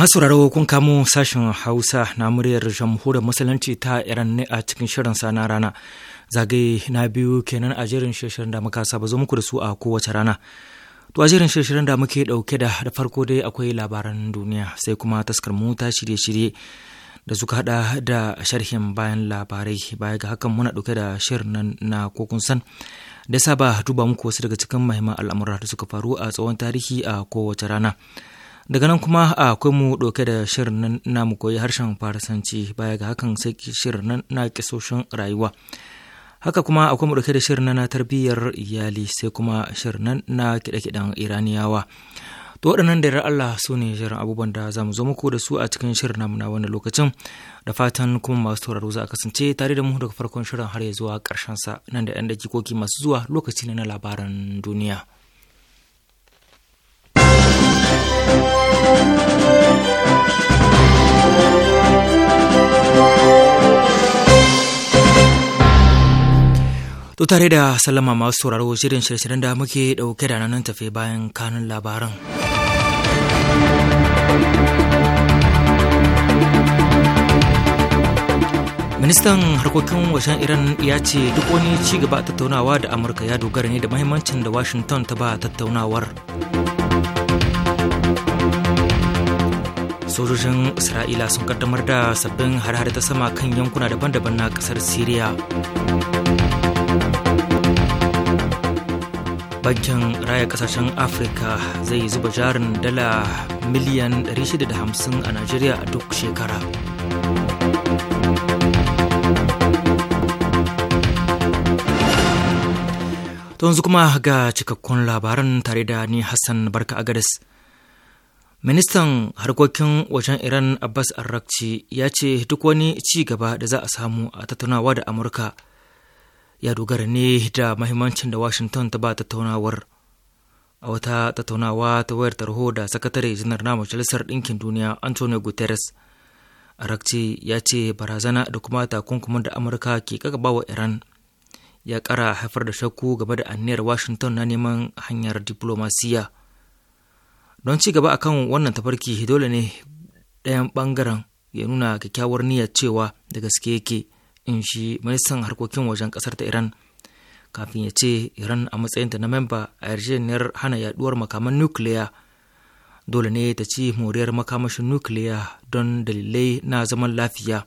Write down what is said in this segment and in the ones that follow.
Masu sauraro kun kamo sashen Hausa na muryar jamhuriyar Musulunci ta Iran ne a cikin shirin sana rana. Zagaye na biyu kenan a jerin shirin da muka saba zo muku da su a kowace rana. To a jerin shirin da muke dauke da da farko dai akwai labaran duniya sai kuma taskar mu ta shirye-shirye da suka hada da sharhin bayan labarai baya ga hakan muna dauke da shirin na kokun san da saba duba muku wasu daga cikin mahimman al'amura da suka faru a tsawon tarihi a kowace rana. daga nan kuma akwai mu ɗauke da shirin nan na mu koyi harshen farasanci baya ga hakan sai shirin nan na kisoshin rayuwa haka kuma akwai mu ɗauke da shirin nan na tarbiyyar iyali sai kuma shirin nan na kiɗe-kiɗen iraniyawa to waɗannan da yarar Allah su ne shirin abubuwan da za mu zo muku da su a cikin shirin namu na wani lokacin da fatan kuma masu tauraro za a kasance tare da mu daga farkon shirin har ya zuwa ƙarshen sa nan da 'yan dakikoki masu zuwa lokaci ne na labaran duniya. To tare da sallama masu sauraro shirin shirye-shiryen da muke ɗauke da nan tafe bayan kanun labaran. Ministan harkokin wajen Iran ya ce duk wani ci gaba tattaunawa da Amurka ya dogara ne da mahimmancin da Washington ta ba tattaunawar. sojojin isra'ila sun kaddamar da sabbin har-har ta sama kan yankuna daban-daban na kasar syria bankin raya kasashen afirka zai zuba jarin dala miliyan 650 a najeriya a duk shekara yanzu kuma ga cikakkun labaran tare da ni hassan barka agaris Ministan harkokin wajen Iran Abbas Arrakci ya ce duk wani ci gaba da za a samu a tattaunawa da Amurka ya dogara ne da mahimmancin da Washington ta ba tattaunawar. A wata tattaunawa ta wayar tarho da sakatare janar na Majalisar Ɗinkin Duniya Antonio Guterres, Arrakci ya ce barazana da kuma takunkumin da Amurka ke kagabawa Iran ya kara haifar da shakku gaba da anniyar Washington na neman hanyar diplomasiya. don ci gaba akan wannan tafarki dole ne ɗayan ɓangaren ya nuna kyakkyawar niyyar cewa da gaske yake in shi ministan harkokin wajen ƙasar ta iran kafin ya ce iran a matsayinta na memba a yarjejeniyar hana yaduwar makaman nukiliya dole ne ta ci moriyar makamashin nukiliya don dalilai na zaman lafiya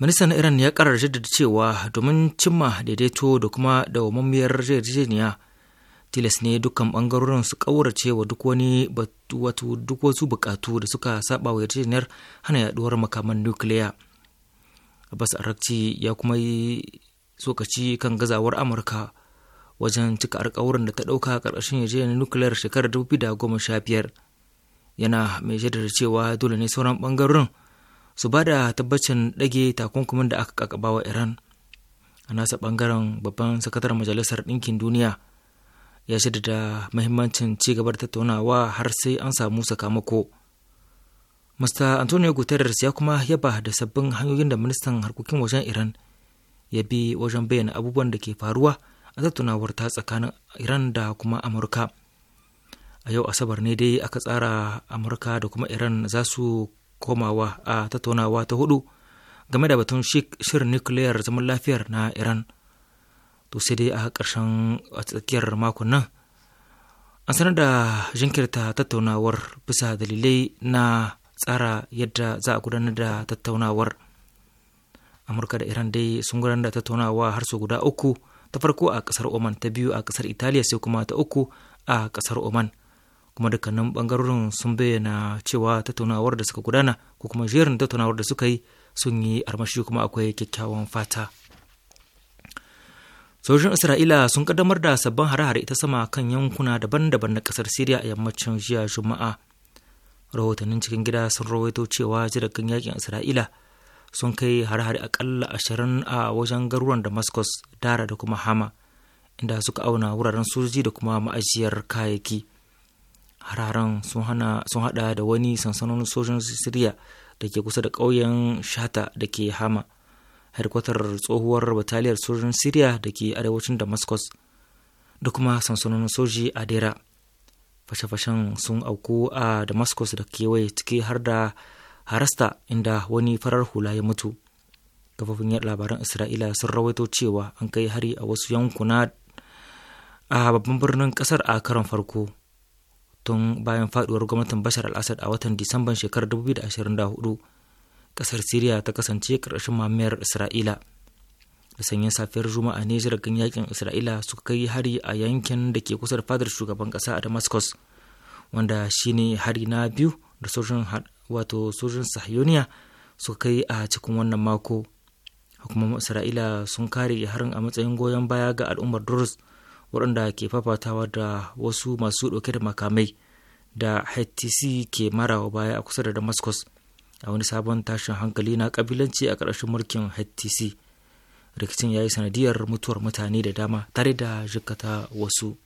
ministan iran ya karar jaddada cewa domin cimma daidaito da kuma dawamammiyar yarjejeniya tilas ne dukkan bangarorin su kaurace wa duk wani wato duk wasu bukatu da suka saba wa yarjejeniyar hana yaduwar makaman nukiliya abbas arakci ya kuma yi sokaci kan gazawar amurka wajen cika alkawarin da ta ɗauka karkashin yarjejeniyar nukiliyar shekarar 2015 yana mai shaidar cewa dole ne sauran bangarorin su ba da tabbacin dage takunkumin da aka kakaba wa iran a nasa bangaren babban sakataren majalisar ɗinkin duniya ya da mahimmancin ci gabar tattaunawa har sai an samu sakamako. Mr. Antonio Guterres ya kuma yaba da sabbin hanyoyin da ministan harkokin wajen Iran ya bi wajen bayyana abubuwan da ke faruwa a tattaunawar ta tsakanin Iran da kuma Amurka. A yau Asabar ne dai aka tsara Amurka da kuma Iran za su komawa a tattaunawa ta hudu game da batun shirin nukiliyar zaman lafiyar na Iran. to sai dai a ƙarshen a tsakiyar makon nan an sanar da jinkirta tattaunawar bisa dalilai na tsara yadda za a gudanar da tattaunawar amurka da iran dai sun gudanar da tattaunawa har su guda uku ta farko a ƙasar oman ta biyu a ƙasar italiya sai kuma ta uku a ƙasar oman kuma dukkanin bangarorin sun bayyana cewa tattaunawar da suka gudana ko kuma jerin tattaunawar da suka yi sun yi armashi kuma akwai kyakkyawan fata sojojin isra'ila sun kaddamar da sabbin hare-hare ta sama kan yankuna daban-daban na kasar siriya a yammacin jiya juma'a rahotannin cikin gida sun rawaito cewa jiragen yakin isra'ila sun kai hare-hare akalla ashirin a wajen garuruwan damascus dara da kuma hama inda suka auna wuraren sojoji da kuma ma'ajiyar kayayyaki hararen sun hada da wani sansanonin sojin siriya da ke kusa da ƙauyen shata da ke hama harkwatar tsohuwar bataliyar sojin Siriya da ke arewacin Damascus da kuma sansanonin soji a Dera. Fashe-fashen sun auku a Damascus da kewaye ciki har da harasta inda wani farar hula ya mutu. Kafofin yadda labaran Isra'ila sun rawaito cewa an kai hari a wasu yankuna a babban birnin kasar a karon farko. tun bayan faduwar gwamnatin Bashar al-Assad a watan Disamban shekarar 2024 kasar Siriya ta kasance karshen mamayar Isra'ila. Da sanyin safiyar Juma'a ne jiragen yakin Isra'ila suka kai hari a yankin da ke kusa da fadar shugaban ƙasa a Damascus, wanda shine hari na biyu da sojin wato sojin Sahiyoniya suka kai a cikin wannan mako. Hukumomin Isra'ila sun kare harin a matsayin goyon baya ga al'ummar durus waɗanda ke fafatawa da wasu masu ɗauke da makamai da HTC ke marawa baya a kusa da Damascus. a wani sabon tashin hankali na kabilanci a ƙarshen mulkin htc rikicin ya yi sanadiyar mutuwar mutane da dama tare da jikata wasu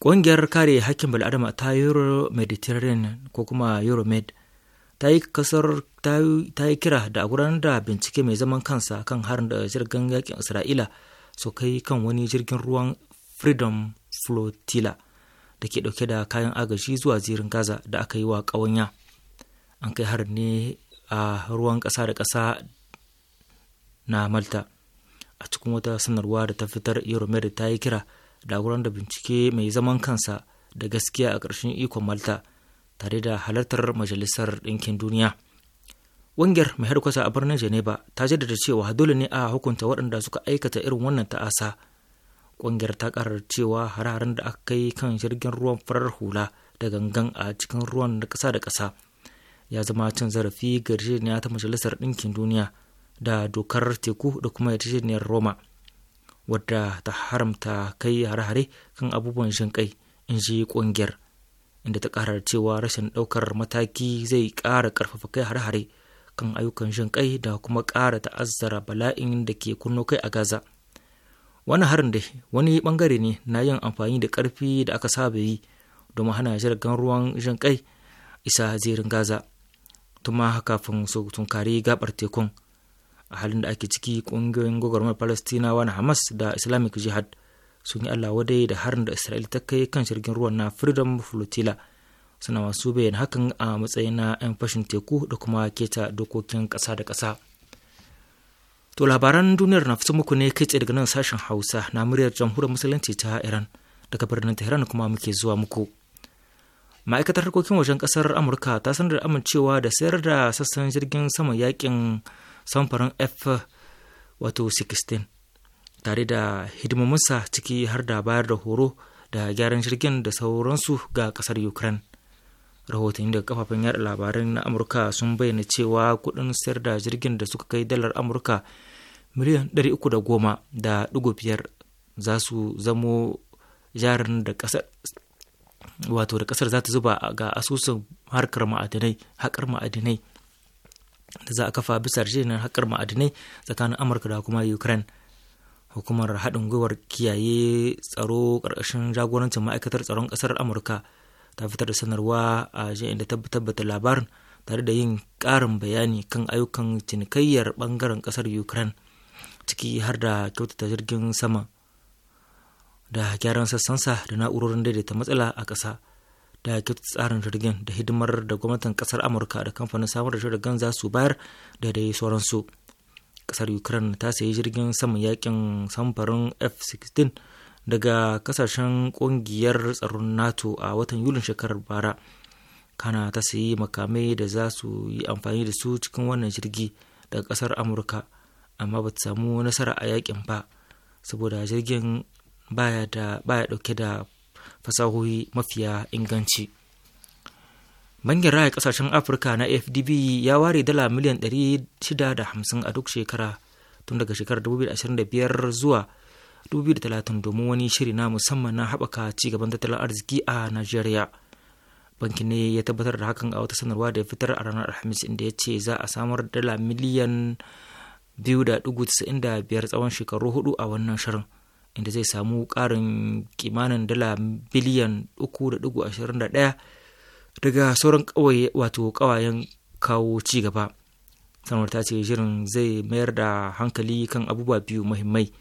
ƙungiyar kare hakkin bal'adama ta euro mediterranean ko kuma euromed ta yi kasar ta yi kira da a da bincike mai zaman kansa kan harin da jirgin yakin isra'ila su kai kan wani jirgin ruwan freedom flotilla da ke dauke da kayan agaji zuwa zirin gaza da aka yi wa ƙawanya an kai har ne a ruwan ƙasa da ƙasa na malta a cikin wata sanarwa da ta fitar euromed ta yi kira da da bincike mai zaman kansa da gaskiya a ƙarshen ikon malta tare da halartar majalisar ɗinkin duniya wangiyar mai harkwasa a birnin geneva ta jaddada cewa dole ne a hukunta waɗanda suka aikata irin wannan ta'asa ƙungiyar ta ƙarar cewa hararen da aka kai kan jirgin ruwan farar hula da gangan a cikin ruwan da ƙasa da ƙasa ya zama cin zarafi ga yarjejeniya ta majalisar ɗinkin duniya da dokar teku da kuma yarjejeniyar roma wadda ta haramta kai hare-hare kan abubuwan jin kai in ji ƙungiyar inda ta ƙarar cewa rashin ɗaukar mataki zai ƙara ƙarfafa kai hare-hare kan ayyukan jin kai da kuma ƙara ta'azzara bala'in da ke kunno kai a gaza wani harin dai wani bangare ne na yin amfani da ƙarfi da aka saba yi domin hana jirgin ruwan jin kai isa zirin gaza tuma haka kafin su tunkari gabar tekun a halin da ake ciki ƙungiyoyin gwagwarmar palestina wani hamas da islamic jihad sun yi allah wadai da harin da isra'il ta kai kan jirgin ruwan na freedom flotilla suna masu bayyana hakan a matsayin na 'yan fashin teku da kuma keta dokokin kasa da kasa to labaran duniyar na fito muku ne kai tsaye daga nan sashen hausa na muryar jamhuriyar musulunci ta iran daga birnin tehran kuma muke zuwa muku ma'aikatar harkokin wajen kasar amurka ta sanar da amincewa da sayar da sassan jirgin saman yakin samfarin f wato 16 tare da hidimominsa ciki har da bayar da horo da gyaran jirgin da sauransu ga kasar ukraine rahotanni daga kafafen yada labarai na amurka sun bayyana cewa kudin sayar da jirgin da suka kai dalar amurka miliyan 310 da ɗigo biyar za su zamo jarin da kasar wato da kasar za ta zuba ga asusun harkar ma'adinai haƙar ma'adinai da za a kafa bisa yarjejeniyar haƙar ma'adinai tsakanin amurka da kuma ukraine hukumar haɗin gwiwar kiyaye tsaro ƙarƙashin jagorancin ma'aikatar tsaron ƙasar amurka ta fitar da sanarwa a jiya inda ta tabbata labarin tare da yin ƙarin bayani kan ayyukan cinikayyar ɓangaren ƙasar ukraine ciki har da kyautata jirgin sama da gyaran sassan sa da na'urorin daidaita matsala a ƙasa da ke tsarin jirgin da hidimar da gwamnatin ƙasar amurka da kamfanin samar da jirgin za su bayar da dai sauransu ƙasar ukraine ta sayi jirgin saman yakin samfarin f-16 daga kasashen ƙungiyar tsaron nato a watan yulin shekarar bara kana ta sayi makamai da za su yi amfani da su cikin wannan jirgi daga ƙasar amurka amma ba ta samu nasara a yakin ba saboda jirgin baya da baya dauke da fasahohi mafiya inganci bangin raya kasashen Afirka na FDB ya ware dala miliyan 650 a duk shekara tun daga shekarar 2025 zuwa 2030 domin wani shiri na musamman na haɓaka cigaban tattalin arziki a Najeriya. Bankin ne ya tabbatar da hakan a wata sanarwa da ya fitar a ranar Alhamis inda ya ce za a samar dala miliyan 2.95 tsawon shekaru hudu a wannan shirin. inda zai samu ƙarin kimanin dala biliyan 3.21 daga sauran wato ƙawayen kawo cigaba gaba ta ce shirin zai mayar da hankali kan abubuwa biyu muhimmai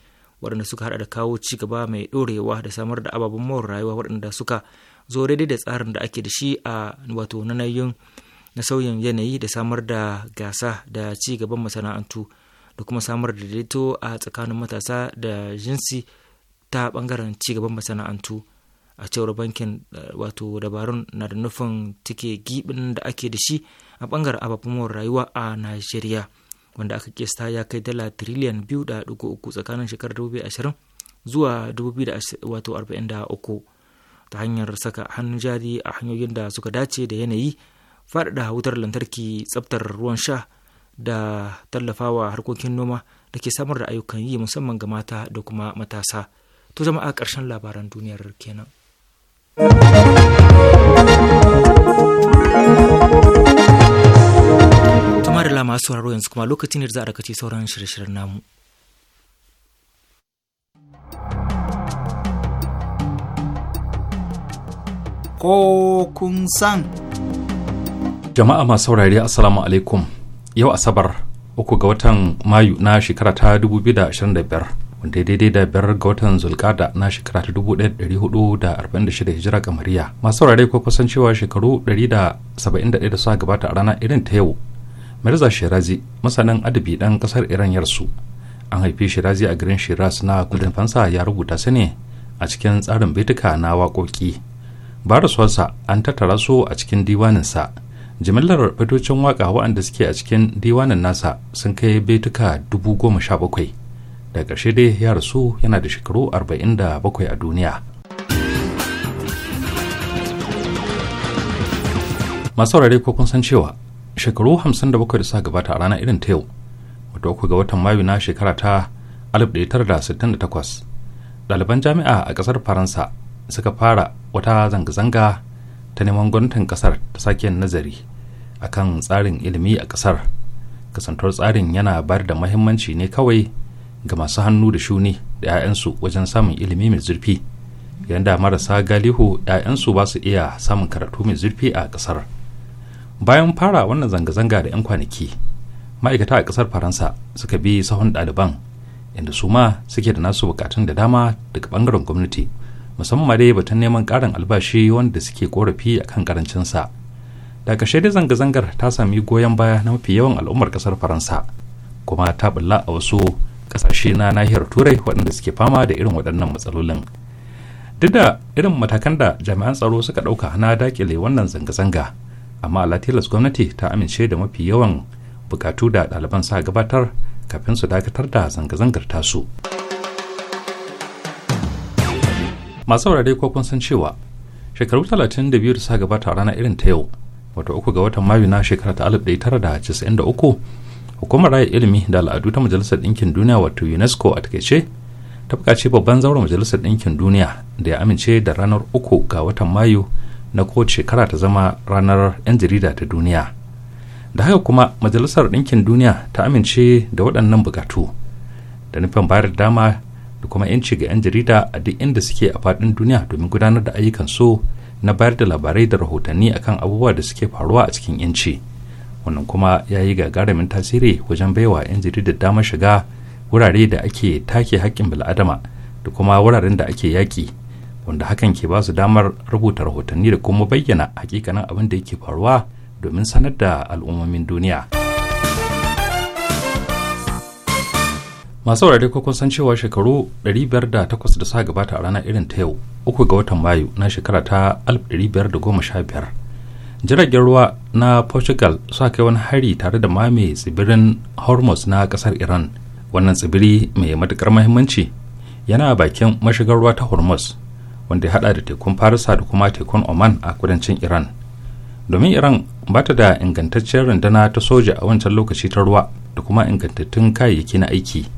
waɗanda suka hada da kawo ci gaba mai ɗorewa da samar da ababen mawar rayuwa waɗanda suka zo daidai da tsarin da ake da shi a wato nanayin na sauyin yanayi da samar da gasa da cigaban masana'antu da kuma samar da daidaito a tsakanin matasa da jinsi ta bangaren cigaban masana'antu a cewar bankin eh, wato dabarun na da nufin take gibin da ake da shi a bangaren ababen rayuwa a najeriya wanda aka kista ya kai dala tiriliyan biyu da dugu uku tsakanin shekarar dubu ashirin zuwa dubu biyu wato arba'in da uku ta hanyar saka hannun jari a hanyoyin da suka dace da yanayi faɗaɗa wutar lantarki tsaftar ruwan sha da tallafawa harkokin noma da ke samar da ayyukan yi musamman ga mata da kuma matasa to jama'a ƙarshen labaran duniyar kenan. Tumar da masu sauraro yanzu kuma lokaci ne da za a dakace sauran shirye-shiryen namu. Ko kun san. Jama'a masu saurare Assalamu alaikum. Yau Asabar, uku ga watan Mayu na shekara ta biyar. wanda ya daidai da biyar ga watan zulkada na shekara ta dubu ɗaya da da hudu arba'in shida hijira kamariya masu saurare ko kusan cewa shekaru ɗari da saba'in da da ɗaya suka gabata a rana irin ta yau mirza shirazi masanin adabi ɗan ƙasar iran yarsu an haifi shirazi a garin shiraz na kudin fansa ya rubuta su ne a cikin tsarin baituka na waƙoƙi ba an tattara su a cikin diwaninsa jimillar fitocin waƙa waɗanda suke a cikin diwanin nasa sun kai baituka dubu goma sha bakwai da ƙarshe dai ya rasu yana da shekaru 47 a duniya masu saurare ko kun san cewa shekaru 57 da suka gabata a ranar irin ta yau wato uku ga watan mayu na shekara ta 1968 ɗaliban jami'a a ƙasar faransa suka fara wata zanga-zanga ta neman gwamnatin ƙasar ta sake nazari akan tsarin ilimi a ƙasar kasantar tsarin yana bayar da muhimmanci ne kawai ga masu hannu da shuni da 'ya'yansu wajen samun ilimi mai zurfi yadda marasa galihu 'ya'yansu ba su iya samun karatu mai zurfi a ƙasar bayan fara wannan zanga-zanga da 'yan kwanaki ma'aikata a ƙasar faransa suka bi sahun ɗaliban inda su ma suke da nasu bukatun da dama daga ɓangaren gwamnati musamman ma dai batun neman ƙarin albashi wanda suke korafi a kan ƙarancinsa da ƙarshe dai zanga-zangar ta sami goyon baya na mafi yawan al'ummar ƙasar faransa kuma ta bulla a wasu kasashe na nahiyar turai waɗanda suke fama da irin waɗannan matsalolin duk da irin matakan da jami'an tsaro suka ɗauka na dakile wannan zanga-zanga amma latilas gwamnati ta amince da mafi yawan bukatu da ɗaliban sa gabatar kafin su dakatar da zanga-zangar tasu masu saurare ko kun san cewa shekaru 32 da sa gabata rana irin ta yau wato uku ga watan mayu na shekara ta 1993 hukumar raya ilimi da al'adu ta majalisar ɗinkin duniya wato unesco a takaice ta buƙaci babban zauren majalisar ɗinkin duniya da ya amince da ranar uku ga watan mayu na kowace shekara ta zama ranar 'yan jarida ta duniya da haka kuma majalisar ɗinkin duniya ta amince da waɗannan buƙatu da nufin bayar da dama da kuma 'yanci ga 'yan jarida a duk inda suke a faɗin duniya domin gudanar da ayyukan su na bayar da labarai da rahotanni akan abubuwa da suke faruwa a cikin 'yanci. wannan kuma ya yi gagarumin tasiri wajen baiwa 'yan jaridar damar shiga wurare da ake take haƙƙin bil'adama da kuma wuraren da ake yaƙi wanda hakan ke ba su damar rubuta rahotanni da kuma bayyana hakikanin abin da yake faruwa domin sanar da al'ummomin duniya masu wurare ko san cewa shekaru 508 da suka gabata a ranar irin ta yau uku ga watan mayu na shekara ta 1515 jiragen ruwa na portugal suka kai wani hari tare da mame tsibirin hormuz na kasar iran wannan tsibiri mai matukar mahimmanci yana bakin mashigar ruwa ta hormuz wanda ya hada da tekun farisa da kuma tekun oman a kudancin iran domin iran ba ta da ingantacciyar rundana ta soja a wancan lokaci ta ruwa da kuma ingantattun kayayyaki na aiki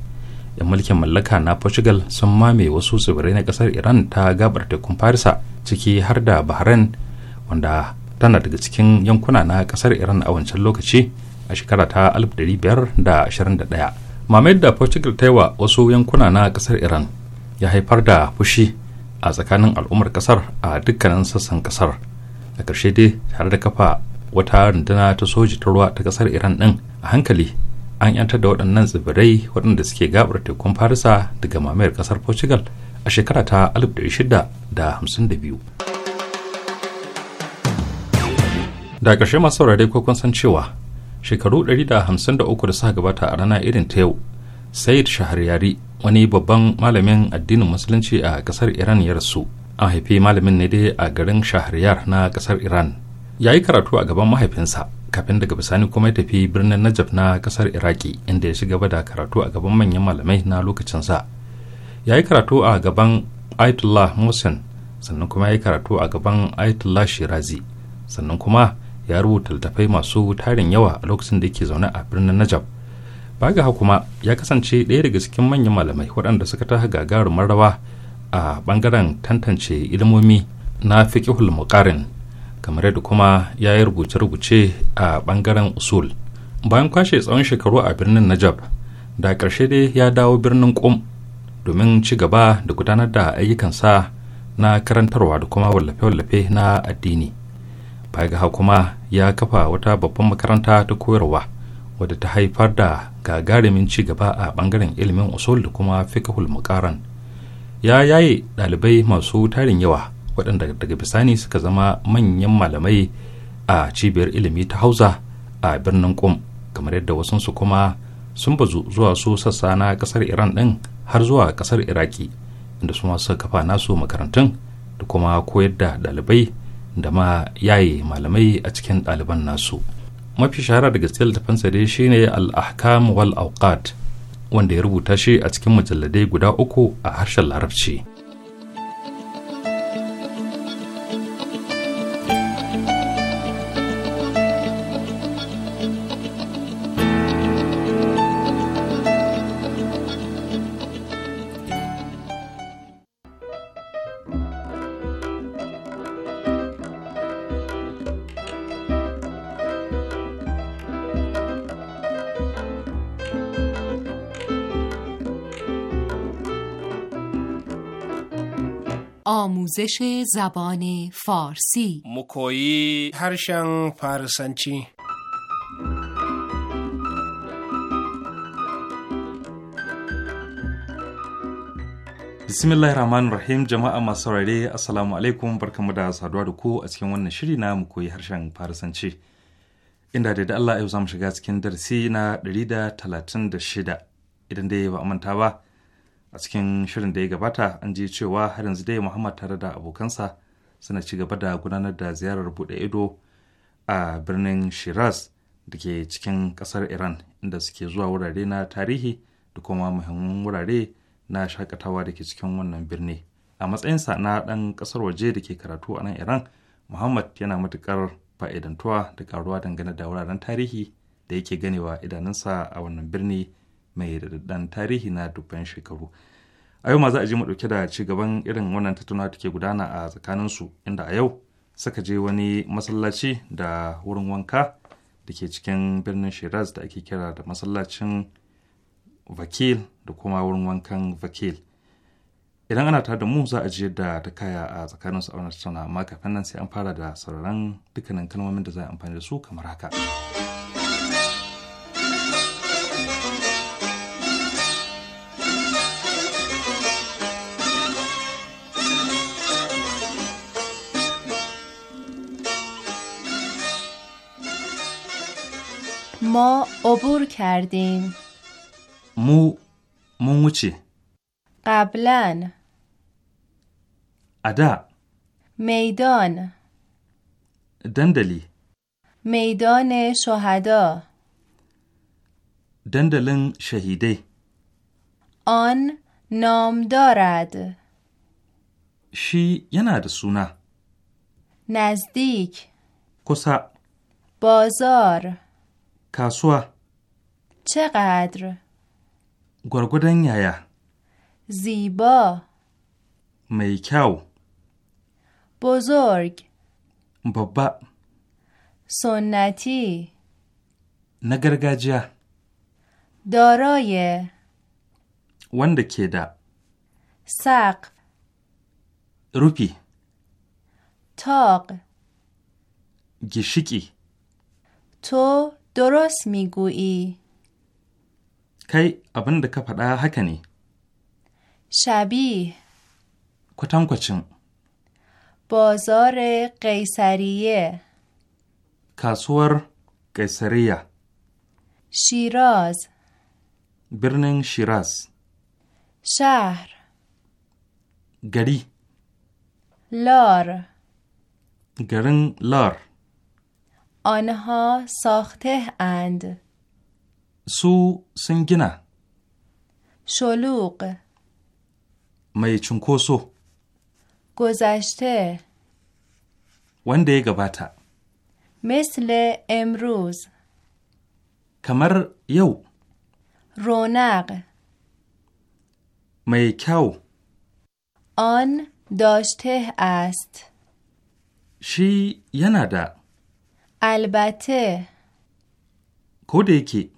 yan mulkin mallaka na portugal sun mame wasu tsibirai na kasar iran ta gabar tekun farisa ciki har da bahrain wanda tana daga cikin yankuna na kasar iran a wancan lokaci a shekara ta 1521 mamai da portugal ta yi wa wasu yankuna na kasar iran ya haifar da fushi a tsakanin al'ummar kasar a dukkanin sassan kasar a ƙarshe dai tare da kafa wata rundunar ta soji ta ruwa ta kasar iran din a hankali an yantar da waɗannan tsibirai waɗanda suke gabar tekun farisa daga mamayar kasar portugal a shekara ta 1652 da ƙarshe masu saurare ko kun san cewa shekaru 153 da suka gabata a rana irin ta yau said shahariyari wani babban malamin addinin musulunci a ƙasar iran ya rasu an haifi malamin ne dai a garin shaharyar na ƙasar iran ya yi karatu a gaban mahaifinsa kafin daga bisani kuma ya tafi birnin najaf na ƙasar iraki inda ya ci gaba da karatu a gaban manyan malamai na lokacinsa ya yi karatu a gaban aitullah musin sannan kuma ya yi karatu a gaban aitullah shirazi sannan kuma ya rubuta littattafai masu tarin yawa a lokacin da yake zaune a birnin najab baga kuma ya kasance ɗaya daga cikin manyan malamai waɗanda suka ta gagarumar rawa a ɓangaren tantance ilmomi na fiƙihul muƙarin kamar yadda kuma ya yi rubuce-rubuce a ɓangaren usul bayan kwashe tsawon shekaru a birnin najab da ƙarshe dai ya dawo birnin ƙum domin ci gaba da gudanar da ayyukansa na karantarwa da kuma wallafe-wallafe na addini. fagaha kuma ya kafa wata babban makaranta ta koyarwa wadda ta haifar da gagarumin ci gaba a bangaren ilimin usul da kuma fikahul mukaran ya yaye dalibai masu tarin yawa waɗanda daga bisani suka zama manyan malamai a cibiyar ilimi ta hausa a birnin kum kamar yadda wasansu kuma sun bazu zuwa su sassa na ƙasar iran ɗin har zuwa ƙasar iraki inda su suka kafa nasu makarantun da kuma koyar da ɗalibai da ma yaye malamai a cikin ɗaliban nasu mafi shahara daga cikin littafansa dai shine al-ahkam wal awqat wanda ya rubuta shi a cikin mujalladai guda uku a harshen larabci آموزش زبان فارسی harshen هرشن فارسنچی bismillahir rahmanir rahim jama'a masu saurare assalamu alaikum barkamu da saduwa da ku a cikin wannan shiri na mu koyi harshen farisanci inda da Allah yau zamu shiga cikin darasi na ɗari da da talatin shida idan dai ba a manta ba a cikin shirin da ya gabata an ji cewa har yanzu dai muhammad tare da abokansa suna ci gaba da gudanar da ziyarar bude ido a birnin shiraz da ke cikin kasar iran inda suke zuwa wurare na tarihi da kuma muhimman wurare na shakatawa da ke cikin wannan birni a matsayinsa na ɗan ƙasar waje da ke karatu a nan iran muhammad yana matuƙar fa'idantuwa da karuwa dangane da wuraren tarihi da yake ganewa idanunsa a wannan birni mai dan tarihi na dubban shekaru a yau ma za a je mu ɗauke da ci gaban irin wannan tattaunawa take gudana a tsakaninsu inda a yau suka je wani masallaci da wurin wanka da ke cikin birnin shiraz da ake kira da masallacin vakil da kuma wurin wankan vakil idan ana tare da mu za a je da ta kaya a tsakanin su wannan tattaunawa amma kafin nan sai an fara da sauraron dukkanin kalmomin da za a amfani da su kamar haka. ما عبور کردیم مو مو چی؟ قبلا ادا میدان دندلی میدان شهدا دندلن شهیده آن نام دارد شی یه نرسونه نزدیک کسا بازار kasuwa. Ce Gwargwadon yaya. Zibo. Mai kyau. Bozorg. Babba. Sonati. Na gargajiya. Doroye. Wanda ke da. Sak. Rufi. Tok. Gishiki. To درست میگویی kai abin ka faɗa haka ne. Shabi. Kwatankwacin. Bazar Qaisariye. Kasuwar Qaisariya. Shiraz. Birnin Shiraz. Shahr. Gari. Lor. Garin Lor. آنها ساخته اند سو سنگینه شلوغ می کوسو گذشته ونده ی مثل امروز کمر یو رونق می آن داشته است شی یندا البته کودکی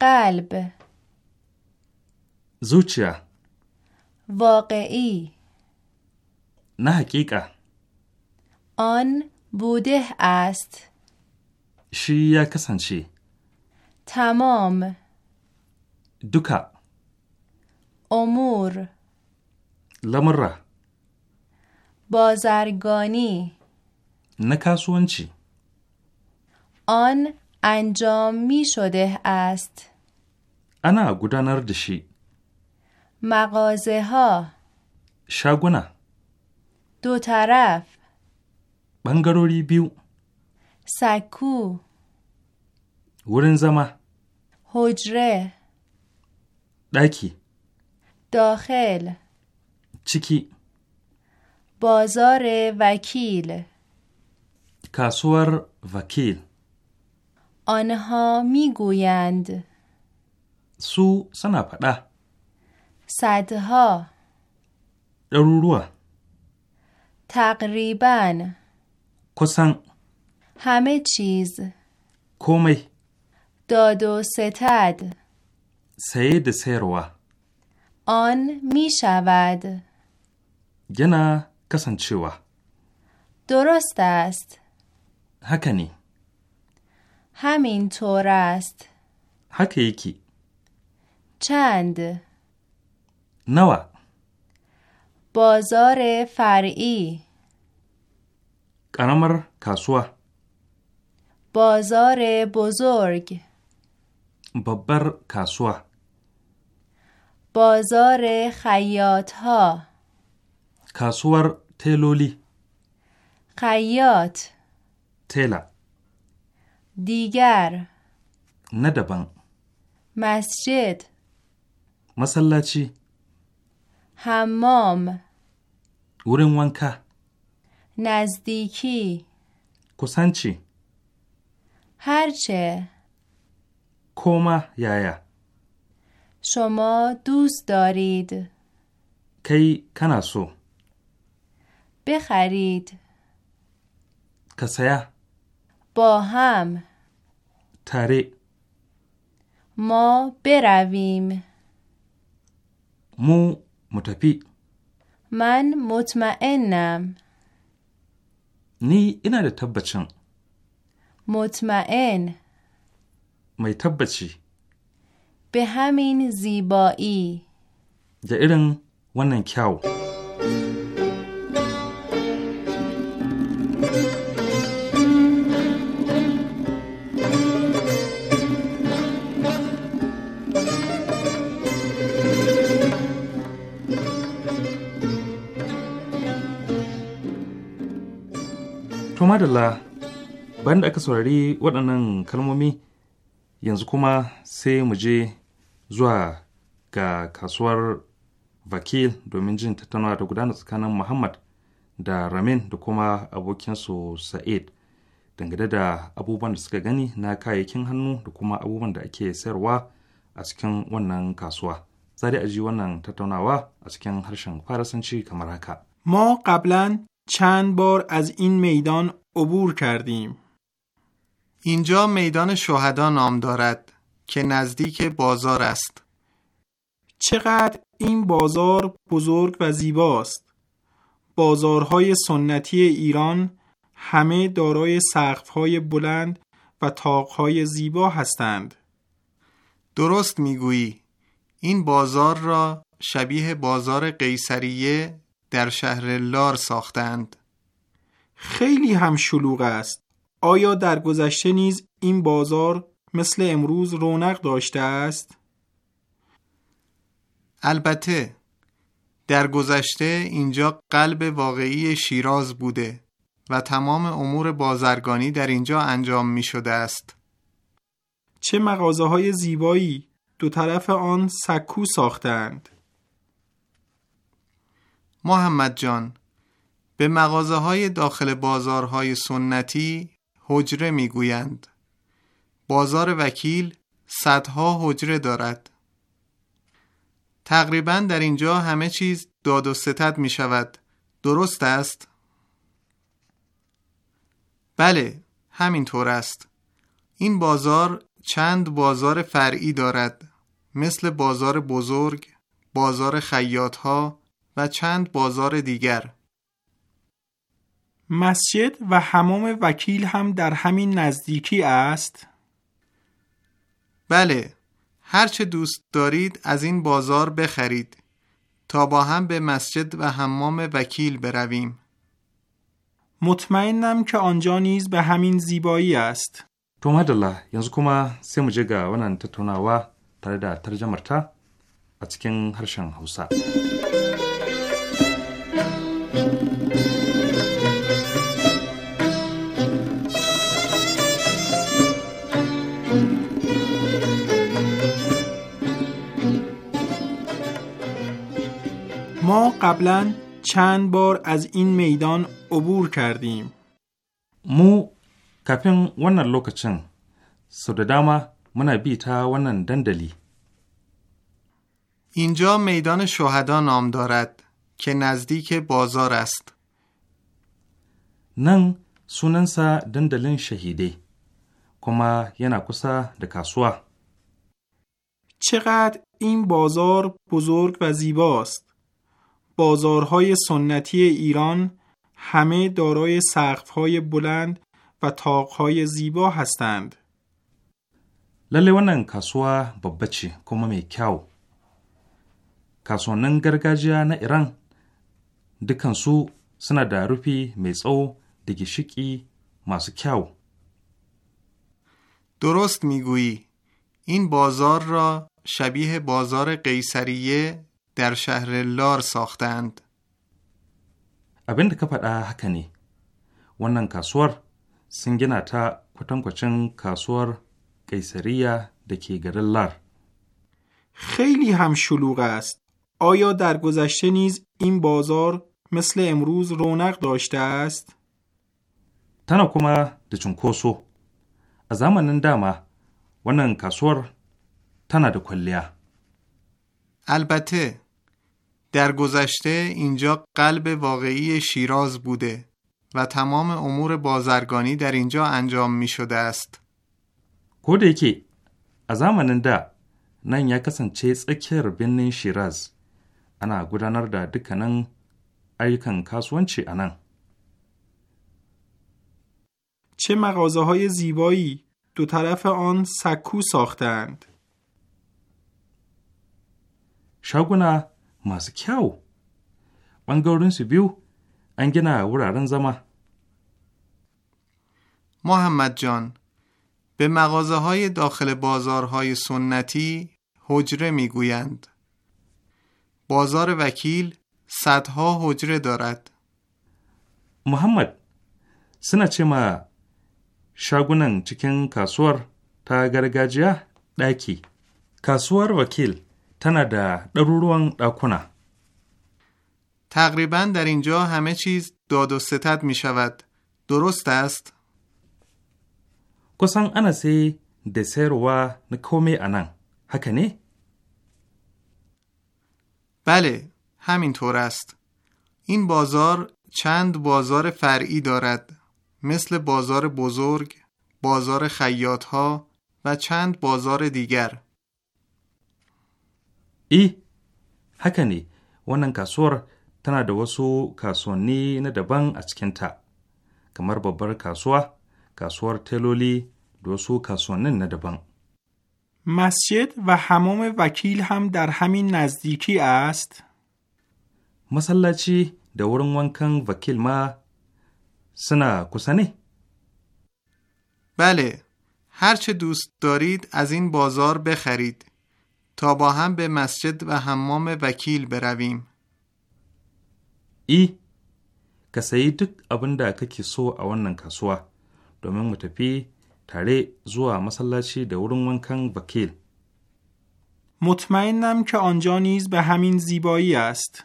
قلب زوچیا واقعی نه حقیقه آن بوده است شی یا کسنشی تمام دوکا امور لمره بازرگانی نکاسونچی آن انجام می شده است انا گودانر دشی مغازه ها شاگونا دو طرف بنگروری بیو سکو ورن زما حجره دکی داخل چیکی بازار وکیل کاسور وکیل آنها میگویند سو سنا پدا صدها درورو تقریبا کسان همه چیز کومی داد و ستد سید سیروا آن می شود گنا کسان چیوا درست است هکنی همین طور است حک یکی چند نوا بازار فرعی قرمر کاسوا بازار بزرگ ببر کاسوا بازار خیاط ها کاسور تلولی خیاط تلا دیگر نه مسجد مسلاچی حمام ورن وانکا نزدیکی کسانچی هرچه کما یایا شما دوست دارید کی کناسو بخرید کسیا با هم tare. Mu bi Mu mutafi. Man mutma'en nan. Ni ina da tabbacin. Mutma'en. Mai tabbaci. Bihamin zibo'i. Ga irin wannan kyau. To madalla bayan da aka saurari waɗannan kalmomi yanzu kuma sai mu je zuwa ga kasuwar vakil domin jin tattaunawa da gudana tsakanin Muhammad da Ramin da kuma abokinsu Sa'id dangane da abubuwan da suka gani na kayayyakin hannu da kuma abubuwan da ake sayarwa a cikin wannan kasuwa. Za a ji wannan tattaunawa a cikin harshen Farasanci kamar haka. Mo قبلا چند بار از این میدان عبور کردیم اینجا میدان شهدا نام دارد که نزدیک بازار است چقدر این بازار بزرگ و زیباست بازارهای سنتی ایران همه دارای سقف‌های بلند و تاقهای زیبا هستند درست میگویی این بازار را شبیه بازار قیصریه در شهر لار ساختند خیلی هم شلوغ است آیا در گذشته نیز این بازار مثل امروز رونق داشته است البته در گذشته اینجا قلب واقعی شیراز بوده و تمام امور بازرگانی در اینجا انجام می شده است. چه مغازه های زیبایی دو طرف آن سکو ساختند. محمد جان به مغازه های داخل بازارهای سنتی حجره میگویند. بازار وکیل صدها حجره دارد. تقریبا در اینجا همه چیز داد و ستد می شود. درست است؟ بله، همینطور است. این بازار چند بازار فرعی دارد. مثل بازار بزرگ، بازار خیاط ها، و چند بازار دیگر مسجد و حمام وکیل هم در همین نزدیکی است؟ بله هرچه دوست دارید از این بازار بخرید تا با هم به مسجد و حمام وکیل برویم مطمئنم که آنجا نیز به همین زیبایی است تو مدلا یانزو کما سی مجه ترجمه تا ما قبلا چند بار از این میدان عبور کردیم مو کپین ونن لوکچن سو داما منا بی تا ونن دندلی اینجا میدان شهدا نام دارد که نزدیک بازار است نن سوننسا دندلین شهیده کما ینا کسا د چقدر این بازار بزرگ و زیباست بازارهای سنتی ایران همه دارای سقف‌های بلند و تاقهای زیبا هستند. lalle wannan kasuwa babba ce kuma mai kyau kasuwannin gargajiya na iran dukansu suna da rufi mai tsawo da gishiki masu درست میگویی این بازار را شبیه بازار قیصریه در شهر لار ساختند abin da ka faɗa haka ne wannan kasuwar sun gina ta kwatankwacin kasuwar ke garin lar خیلی هم شلوغ است آیا در گذشته نیز این بازار مثل امروز رونق داشته است tana kuma da cunkoso a zamanin dama wannan kasuwar tana da kwalliya. Albate در گذشته اینجا قلب واقعی شیراز بوده و تمام امور بازرگانی در اینجا انجام می شده است. کودکی از زمان دا نن ya کسنچه سکر شیراز. شیراز انا gudanar da دکنن ایکن کاسوان a انا چه مغازه های زیبایی دو طرف آن سکو ساختند. شاگونا masu kyau ɓangarorinsu biyu an gina wuraren zama محمد جان به مغازه های داخل بازارهای سنتی حجره میگویند. بازار وکیل صدها حجره دارد. محمد سنا چه ما شاگونن چکن کاسور تا گرگاجیه داکی کاسور وکیل تقریباً تقریبا در اینجا همه چیز داد و ستد می شود. درست است؟ کسان انا سی دسر و نکومی انان. هکنه؟ بله، همینطور است. این بازار چند بازار فرعی دارد. مثل بازار بزرگ، بازار خیاط ها و چند بازار دیگر. E, haka ne, wannan kasuwar tana da wasu kasuwanni na daban a cikinta, kamar babbar kasuwa, kasuwar teloli da wasu kasuwannin na daban. Masjid wa vakil wakil ham dar hamin nazdiki ast? Masallaci da wurin wankan vakil ma suna kusa ne? Bale, هرچه دوست دارید از این بازار بخرید. تا با هم به مسجد و حمام وکیل برویم. ای ka sayi duk abin da kake so a wannan kasuwa domin mu tafi tare zuwa masallaci da wurin wankan bakil. مطمئنم که آنجا نیز به همین زیبایی است.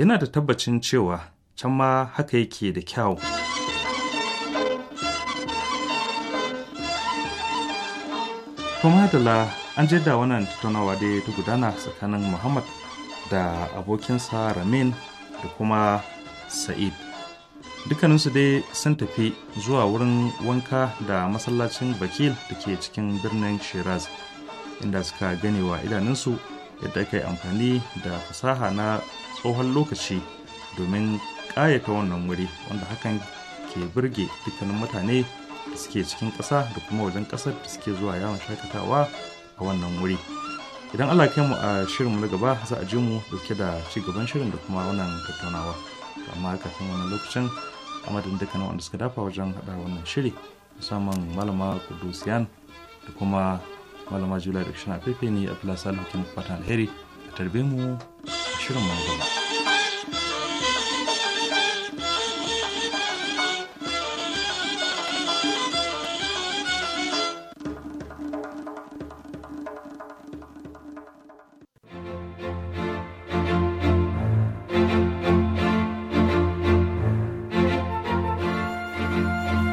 ina da tabbacin cewa can ma haka yake da kyau. Kuma da an je da wannan tattaunawa dai ta gudana tsakanin muhammad da abokinsa ramin da kuma sa'id dukkaninsu dai sun tafi zuwa wurin wanka da masallacin bakil da ke cikin birnin shiraz inda suka ganewa idanunsu yadda aka yi amfani da fasaha na tsohon lokaci domin ƙayata wannan wuri wanda hakan ke birge dukkanin mutane da suke cikin ƙasa da kuma wajen ƙasar da suke zuwa yawon shakatawa a wannan wuri idan allah kai mu a shirin na gaba za a ji mu dauke da ci gaban shirin da kuma wannan tattaunawa amma kafin wannan lokacin a madadin dukkanin wanda suka dafa wajen hada wannan shiri musamman malama kudusiyan da kuma malama jula da kishin fefe ne a filasa hukumar fatan alheri a tarbe mu a shirin mu gaba.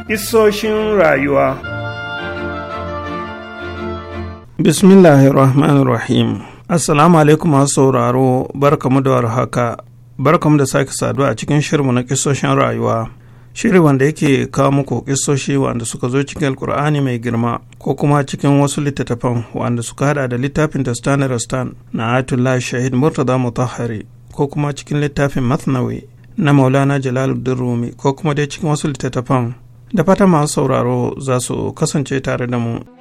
Isoshin rayuwa Bismillahirrahmanirrahim Assalamu alaikum masu sauraro barkamu da warhaka barkamu da sake saduwa a cikin shirmu na kisoshin rayuwa shiri wanda yake kawo muku kisoshi wanda suka zo cikin alkur'ani mai girma ko kuma cikin wasu littattafan wanda suka hada da littafin dastan rastan na atullah shahid murtaza mutahari ko kuma cikin littafin mathnawi na maulana jalaluddin rumi ko kuma dai cikin wasu littattafan da fata masu sauraro za su kasance tare da mu.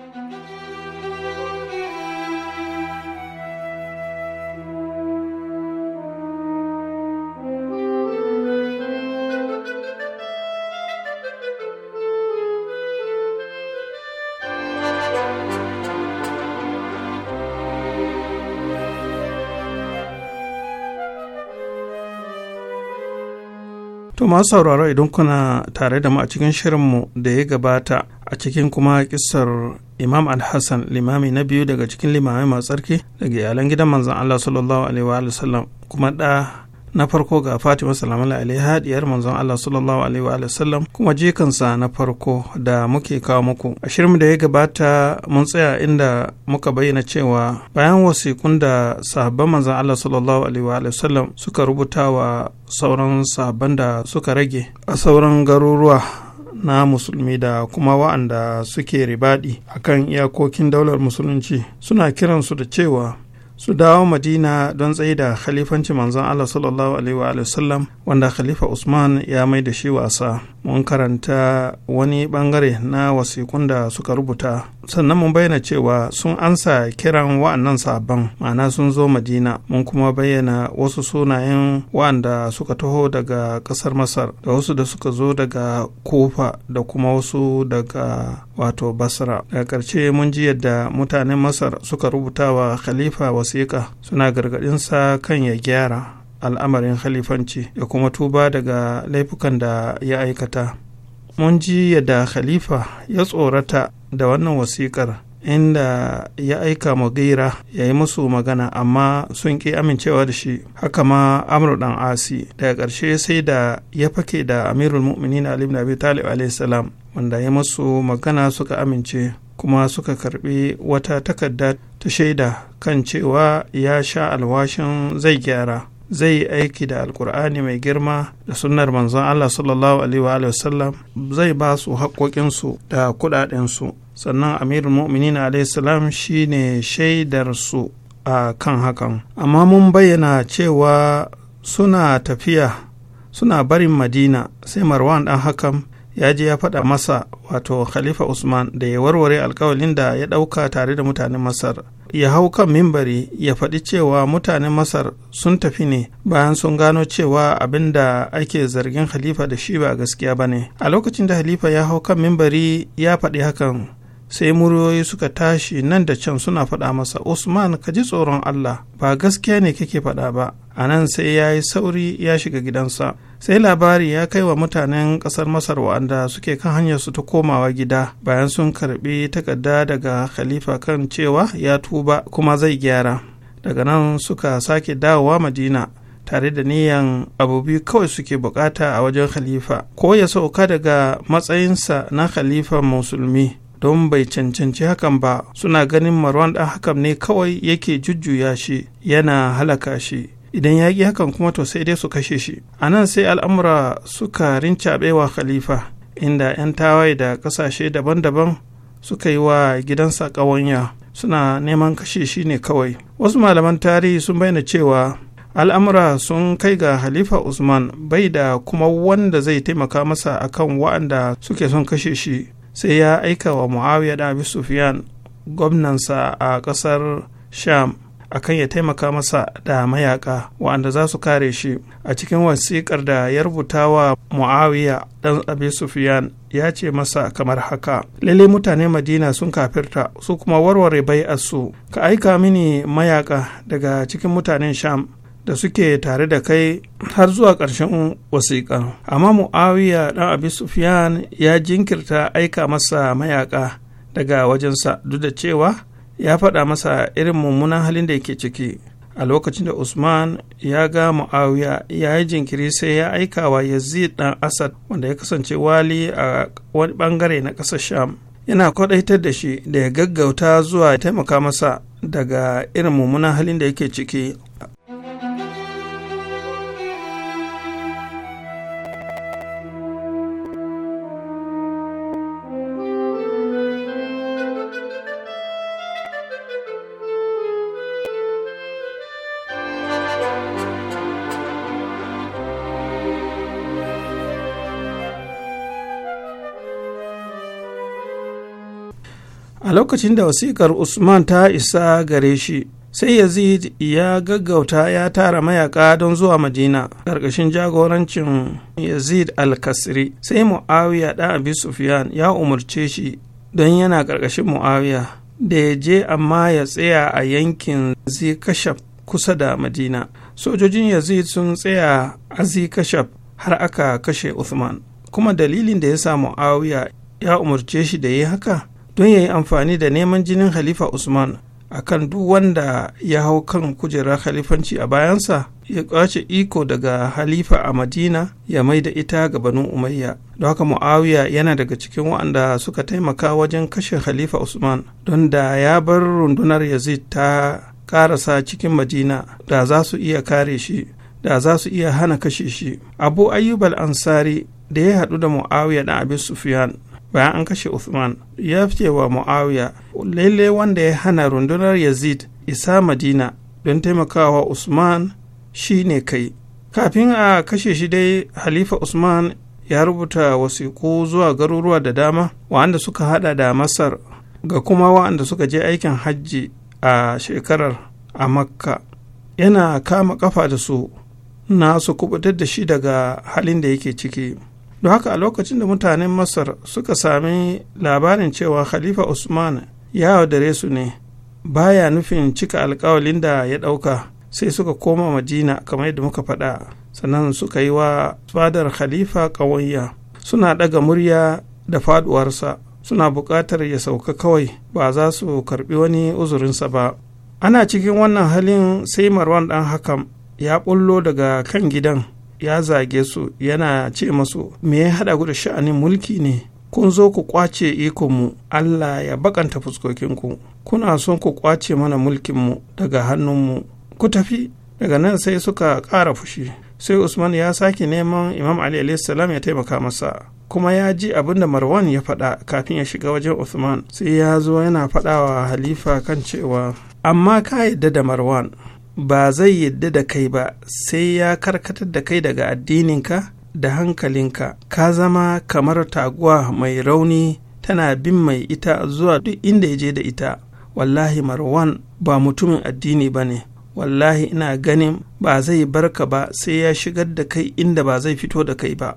To masu sauraro idan kuna tare da mu a cikin shirinmu da ya gabata a cikin kuma kisar Imam Al-Hassan limami na biyu daga cikin limamai masu tsarki daga iyalan gidan manzan Allah sallallahu alaihi wa sallam kuma da na farko ga fatima salamu alaiha diyar manzon allah sallallahu alaihi wa sallam kuma jikansa na farko da muke kawo muku a shirin da ya gabata mun tsaya inda muka bayyana cewa bayan wasiƙun da sahabban manzon allah sallallahu alaihi wa sallam suka rubuta wa sauran sahabban da suka rage a sauran garuruwa na musulmi da kuma wa'anda suke ribadi akan iyakokin daular musulunci suna kiransu da cewa su dawo madina don tsaye da khalifanci manzon allah sallallahu alaihi wa sallam wanda khalifa usman ya mai da shi wasa mun karanta wani bangare na wasikun da suka rubuta sannan mun bayyana cewa sun ansa kiran wa'annan sabon ma'ana sun zo madina mun kuma bayyana wasu sunayen wa'anda suka taho daga ƙasar masar da wasu da suka zo daga kofa da kuma wasu daga wato basra daga ƙarshe mun ji yadda mutanen masar suka rubuta wa khalifa wasiƙa suna gargaɗinsa kan ya gyara al'amarin khalifanci ya kuma tuba daga laifukan da ya aikata mun ji yadda khalifa ya tsorata da wannan wasiƙar inda ya aika mugira ya yi musu magana amma sun ƙi amincewa da shi haka ma amru dan asi daga ƙarshe sai da ya fake da amirul mu'minin ali ibn abi talib alayhi wanda ya musu magana suka amince kuma suka karbi wata takarda ta shaida kan cewa ya sha alwashin zai gyara zai yi aiki da alkur'ani mai girma da sunnar manzon Allah sallallahu alaihi wasallam zai ba su haƙoƙinsu da kuɗaɗensu sannan amirul mu'minin alaihi salam shine shaidarsu a kan hakan amma mun bayyana cewa suna tafiya suna barin madina sai marwan ɗan hakan ya je ya faɗa masa wato khalifa usman da ya warware alkawalin da ya ɗauka tare da mutanen masar ya hau kan mimbari ya faɗi cewa mutanen masar sun tafi ne bayan sun gano cewa abin da ake zargin halifa da shi ba gaskiya ba ne a lokacin da halifa ya hau kan mimbari ya faɗi hakan sai muryoyi suka tashi nan da can suna faɗa masa usman ka ji tsoron allah ba gaskiya ne kake faɗa ba a nan sai ya yi sauri ya shiga gidansa sai labari ya kai wa mutanen ƙasar masar wa'anda suke kan hanyar su ta komawa gida bayan sun karɓi takarda daga khalifa kan cewa ya tuba kuma zai gyara daga nan suka sake dawowa madina tare da niyan abu biyu kawai suke bukata a wajen khalifa ko ya sauka daga matsayinsa na khalifa musulmi don bai cancanci hakan ba suna ganin marwan ɗan hakan ne kawai yake jujjuya shi yana halaka shi idan ya ƙi hakan kuma to sai dai su kashe shi a nan sai al'amura suka rincaɓewa khalifa inda 'yan tawaye da ƙasashe daban-daban suka yi wa gidansa ƙawanya suna neman kashe shi ne kawai wasu malaman tarihi sun bayyana cewa al'amura sun kai ga halifa usman bai da kuma wanda zai taimaka masa akan wa'anda suke son kashe shi sai ya aika wa muawiya da abu sufiyan gwamnansa a ƙasar sham akan ya taimaka masa da mayaka wa'anda za su kare shi a cikin wasiƙar da ya rubuta wa muawiya dan abu sufiyan ya ce masa kamar haka Lallai mutane madina sun kafirta su kuma warware bai su ka aika mini mayaka daga cikin mutanen sham da suke tare da kai har zuwa ƙarshen wasiƙa. Amma Mu'awiya ɗan Abi Sufyan ya jinkirta aika masa mayaƙa daga wajensa duk da cewa ya faɗa masa irin mummunan halin da yake ciki. A lokacin da Usman ya ga Mu'awiya ya yi jinkiri sai ya aika wa Yazid ɗan Asad wanda ya kasance wali a wani ɓangare na ƙasar Sham. Yana kwaɗaitar da shi da ya gaggauta zuwa taimaka masa daga irin mummunan halin da yake ciki lokacin da wasikar usman ta isa gare shi sai yazid ya gaggauta ya tara mayaka don zuwa madina ƙarƙashin jagorancin yazid al-kasri sai muawiya da abi sufyan ya umarce shi don yana ƙarƙashin muawiya da ya je amma ya tsaya a yankin zikashaf kusa da madina sojojin yazid sun tsaya a zikashaf har aka kashe Usman. kuma dalilin da ya sa muawiya ya umarce shi da yi haka don ya yi amfani da neman jinin halifa usman akan duk wanda ya hau kan kujerar halifanci a bayansa ya kwace iko daga halifa a madina ya mai da ita ga banu umayya don haka muawiya yana daga cikin waɗanda suka taimaka wajen kashe halifa usman don da ya bar rundunar yazid ta karasa cikin madina da za su iya kare shi da za su iya hana kashe shi abu ayyubal ansari da ya haɗu da muawiya na abin sufiyan bayan an kashe Uthman ya fice wa Muawiya lalle wanda ya hana rundunar Yazid isa Madina don taimakawa Usman shi ne kai. Kafin a kashe shi dai Halifa Usman ya rubuta wasiƙu zuwa garuruwa da dama wa'anda suka hada da Masar ga kuma wa'anda suka je aikin hajji a shekarar a Makka. Yana kama kafa da su na su kubutar da shi daga halin da yake ciki. don haka a lokacin da mutanen masar suka sami labarin cewa khalifa usman ya dare su ne baya nufin cika alkawalin da ya ɗauka sai suka koma madina kamar yadda muka faɗa sannan suka yi wa fadar khalifa ƙawayya suna ɗaga murya da faɗuwarsa suna buƙatar ya sauka kawai ba za su karɓi wani uzurinsa ba ana cikin wannan halin sai marwan ɗan hakan ya ɓullo daga kan gidan ya zage su yana ce masu me ya haɗa ku da sha'anin mulki ne kun zo ku kwace ikonmu Allah ya bakanta fuskokinku kuna son ku kwace mana mulkinmu daga hannunmu ku tafi daga nan sai suka ƙara fushi sai usman ya sake neman imam ali salam ya taimaka masa kuma ya ji abin da marwan ya faɗa kafin ya shiga wajen usman sai ya zo yana faɗawa halifa kan cewa amma ka yadda da marwan ba zai yadda da kai ba sai ya karkatar da kai daga addininka da hankalinka ka zama kamar taguwa mai rauni tana bin mai ita zuwa duk inda ya je da ita wallahi marwan ba mutumin addini ba ne wallahi ina ganin ba zai barka ba sai ya shigar da kai inda ba zai fito da kai ba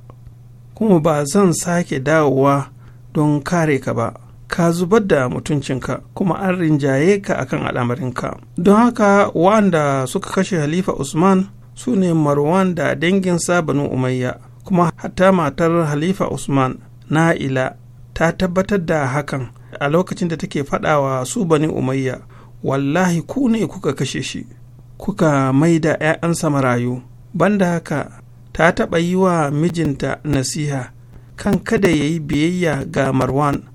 kuma ba zan sake dawowa don kare ka ba ka zubar da mutuncinka kuma an rinjaye ka akan al'amarinka don haka wanda suka kashe halifa usman su ne marwan da danginsa banu umayya kuma hatta matar halifa usman na'ila ta tabbatar da hakan a lokacin da take faɗawa su bani umayya wallahi ku ne kuka kashe shi kuka mai da 'ya'yansa marayu banda haka ta taɓa yi wa mijinta nasiha kan kada ya yi biyayya ga marwan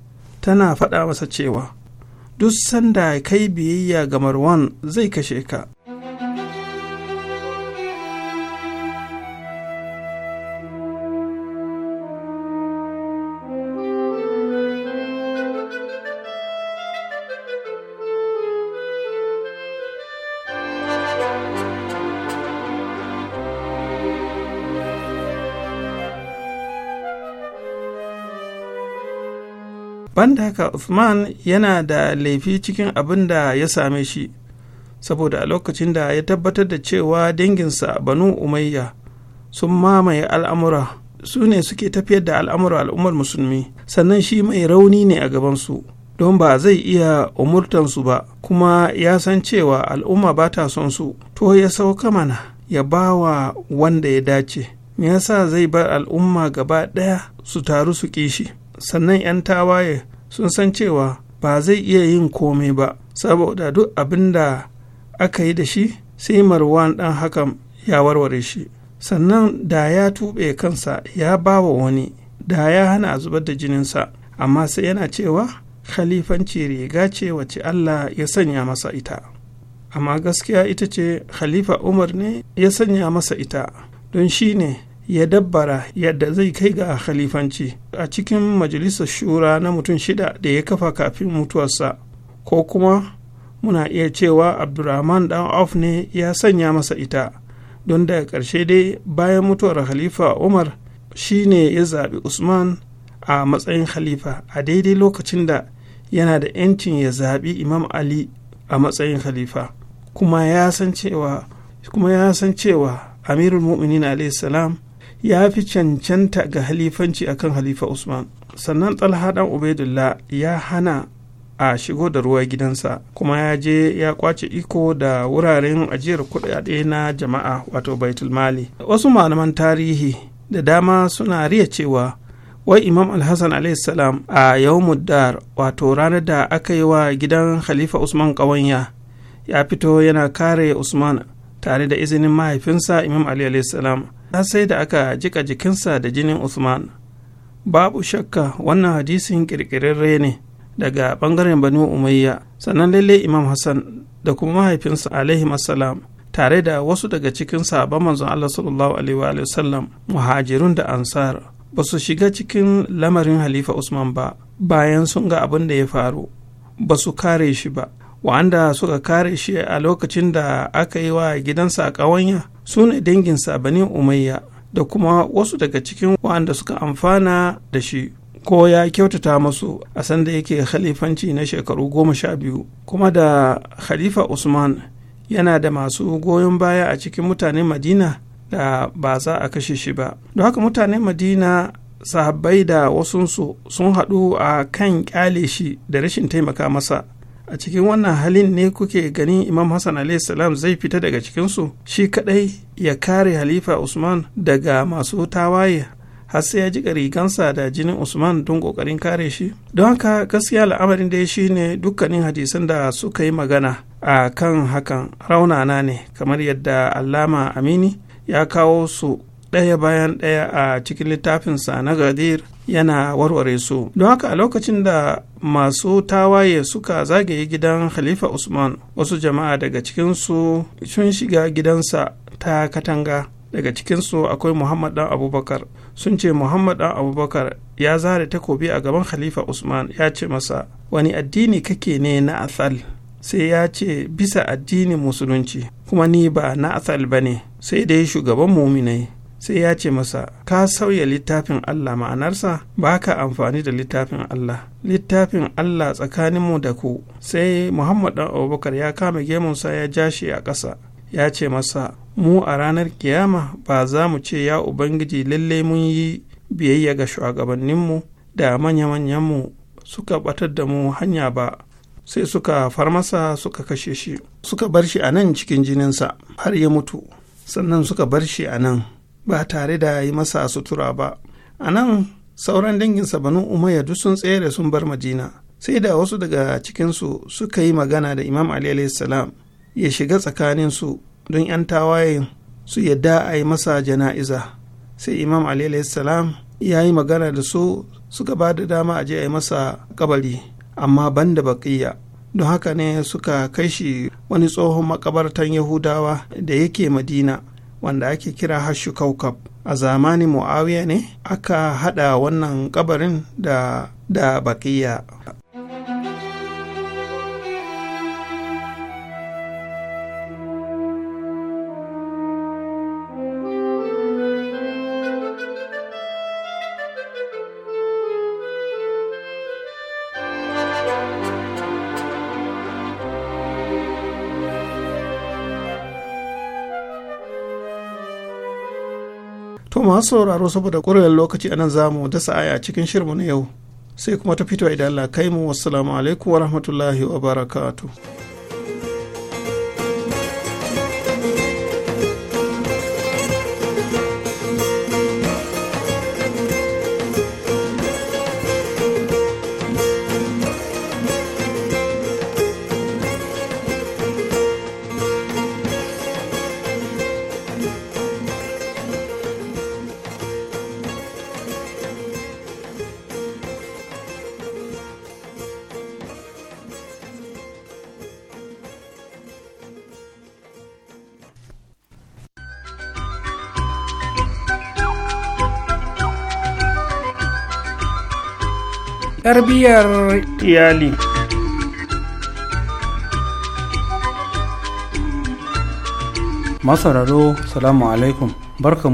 tana faɗa masa cewa duk sanda kai biyayya ga marwan zai kashe ka banda haka Uthman yana da laifi cikin abin da ya same shi saboda a lokacin da ya tabbatar da cewa danginsa banu umayya sun mamaye al'amura su ne suke tafiyar da al'amura al'ummar musulmi sannan shi mai rauni ne a gabansu don ba zai iya umurtansu ba kuma ya san cewa al'umma ba ta son su to ya sauka mana ya ba wa wanda ya dace me yasa zai bar al'umma gaba ɗaya su taru su ƙi shi sannan 'yan tawaye sun san cewa ba zai iya yin komai ba saboda duk abin da aka yi da shi sai marwan ɗan hakan ya warware shi sannan da ya tuɓe kansa ya bawa wani da ya hana zubar da jininsa amma sai yana cewa khalifanci riga ce wacce Allah ya sanya masa ita amma gaskiya ita ce khalifa umar ne ya sanya masa ita don shi ne ya dabbara yadda zai kai ga khalifanci a cikin majalisar shura na mutum shida da ya kafa kafin mutuwarsa ko kuma muna iya cewa abdurrahman dan auf ne ya sanya masa ita don daga ƙarshe dai bayan mutuwar khalifa umar shi ne ya zaɓi usman a matsayin khalifa a daidai lokacin da yana da 'yancin ya zaɓi imam ali a matsayin khalifa kuma ya san cewa amirul mu'minin salam ya fi cancanta ga halifanci akan halifa usman sannan talha dan ubaidullah ya hana a shigo da ruwa gidansa kuma ya je ya kwace iko da wuraren ajiyar kuɗaɗe na jama'a wato baitul mali wasu malaman tarihi da dama suna riya cewa wai imam alhassan salam a yawmuddar wato ranar da aka yi wa gidan halifa usman ƙawanya ya fito yana kare usman tare da izinin mahaifinsa imam ali salam har sai da aka jika jikinsa da jinin Usman. Babu shakka wannan hadisin kirkirarre ne daga ɓangaren banu Umayya, sannan lalle Imam Hassan da kuma mahaifinsa alaihi tare da wasu daga cikin sabon manzon Allah sallallahu alaihi wa sallam muhajirun da ansar ba su shiga cikin lamarin Halifa Usman ba bayan sun ga abin da ya faru ba su kare shi ba wa'anda suka kare shi a lokacin da aka yi wa gidansa a ƙawanya su ne danginsa bani umayya da kuma wasu daga cikin waɗanda suka amfana da shi ko ya kyautata masu a sanda yake khalifanci na shekaru goma sha biyu kuma da khalifa usman yana da masu goyon baya a cikin mutanen madina da ba za a kashe shi ba don haka mutanen madina sahabbai da wasunsu sun haɗu a kan ƙyale shi da rashin taimaka masa a cikin wannan halin ne kuke ganin imam hassan salam zai fita daga cikinsu shi kadai ya kare halifa usman daga masu tawaye har sai ya jiƙa rigansa da jinin usman don ƙoƙarin kare shi don haka gaskiya al'amarin dai ne dukkanin hadisan da suka yi magana a kan hakan raunana ne kamar yadda allama amini ya kawo su ɗaya bayan ɗaya a cikin littafinsa na gadir yana warware su don haka a lokacin da masu tawaye suka zagaye gidan khalifa usman wasu jama'a daga cikinsu sun shiga gidansa ta katanga daga cikinsu akwai muhammad dan abubakar sun ce muhammad dan abubakar ya zare takobi a gaban khalifa usman ya ce masa wani addini kake ne na asal sai ya ce bisa addinin musulunci kuma ni ba na asal ba ne sai dai shugaban muminai sai ya ce masa ka sauya littafin Allah ma'anarsa ba ka amfani da littafin Allah littafin Allah tsakanin mu da ku sai Muhammad dan Abubakar ya kama gemunsa ya ja shi a ƙasa ya ce masa mu a ranar kiyama ba za mu ce ya ubangiji lalle mun yi biyayya ga shugabanninmu da manya-manyanmu suka batar da mu hanya ba sai suka masa suka kashe shi suka bar shi a nan cikin jininsa har ya mutu sannan suka bar shi a nan ba tare da yi masa sutura ba a nan sauran danginsa banu umayya duk sun tsere sun bar madina sai da wasu daga cikinsu suka yi magana da imam ali salam ya shiga tsakaninsu don 'yan tawayen su yadda a yi masa jana'iza sai imam ali salam ya yi magana da su suka ba da dama a je a yi masa kabari amma ban da baƙiya don haka ne suka kai shi wani tsohon makabartan yahudawa da yake madina wanda ake kira hashu kaukab a zamanin muawiya ne aka hada wannan kabarin da da masu sauraro saboda ƙwarewar lokaci anan zamu mu dasa aya cikin shirmu na yau sai kuma ta fito idan Allah kai mu wassalamu alaikum wa rahmatullahi wa barakatuh iyar iyali masararo salamu alaikum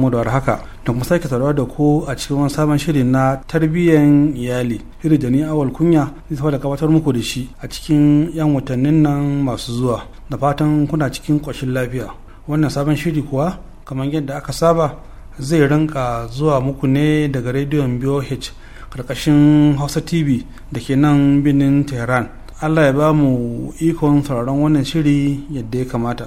mu da warhaka da kuma sake saduwa da ku a cikin wani sabon shirin na tarbiyyar iyali iri da ni awal kunya zai da gabatar muku da shi a cikin yan watannin nan masu zuwa da fatan kuna cikin ƙoshin lafiya wannan sabon shiri kuwa kamar yadda aka saba zai rinka zuwa muku ne daga rediyon BOH karkashin hausa tv da ke nan birnin tehran allah ya ba mu ikon sauraron wannan shiri yadda ya kamata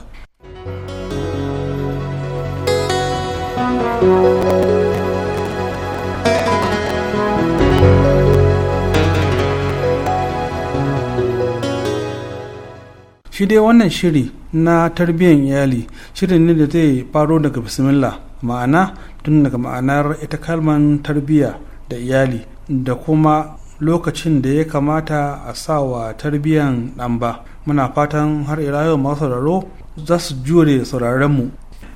shi dai wannan shiri na tarbiyyar iyali shirin ne da zai faro daga bismillah ma'ana tun daga ma'anar ita kalman tarbiyya da iyali da kuma lokacin da ya kamata a sa wa tarbiyyan ɗan ba muna fatan har ila yau masu sauraro za su jure sauraronmu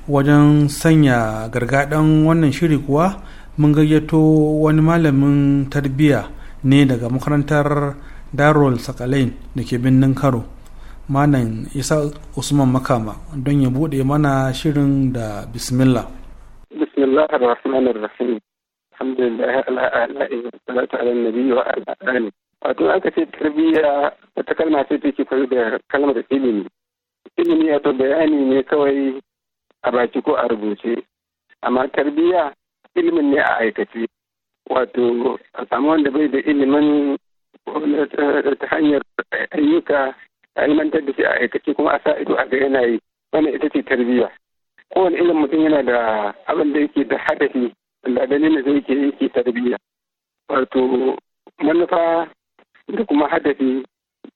wajen sanya gargaɗin wannan shiri kuwa mun gayyato wani malamin tarbiyya ne daga makarantar darul sakalain da ke birnin karo manan isa usman makama don ya buɗe mana shirin da bismillah bismillah rahim alhamdulillah ala ala salatu ala nabi wa ala ali wato aka ce tarbiyya wata kalma ce take koyi da kalmar ilimi ilimi wato bayani ne kawai a baki ko a rubuce amma tarbiyya ilimin ne a aikace wato a samu wanda bai da ilimin ta hanyar ayyuka a ilmantar da shi a aikace kuma a sa ido a ga yanayi yi wannan ita ce tarbiyya kowane ilimin mutum yana da abin da yake da hadafi da ganin da zai ke yake tarbiyya wato manufa da kuma hadafi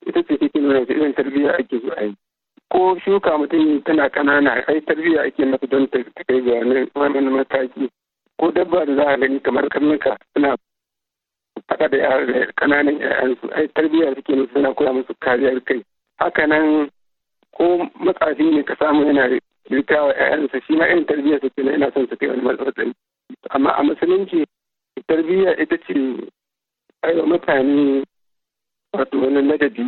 ita ce take nuna da irin tarbiyya ake zuwa yi ko shuka mutum tana kanana ai tarbiyya ake mata don ta kai ga wani mataki ko dabba da za a gani kamar karnuka suna faɗa da kananan yayansu ai tarbiyya suke nufi suna koya musu kariyar kai hakanan ko matsafi ne ka samu yana rikawa yayansa shi ma irin tarbiyya suke na yana son su kai wani matsatsani amma a musulunci tarbiyya ita ce aiwa mutane wato wani ladabi.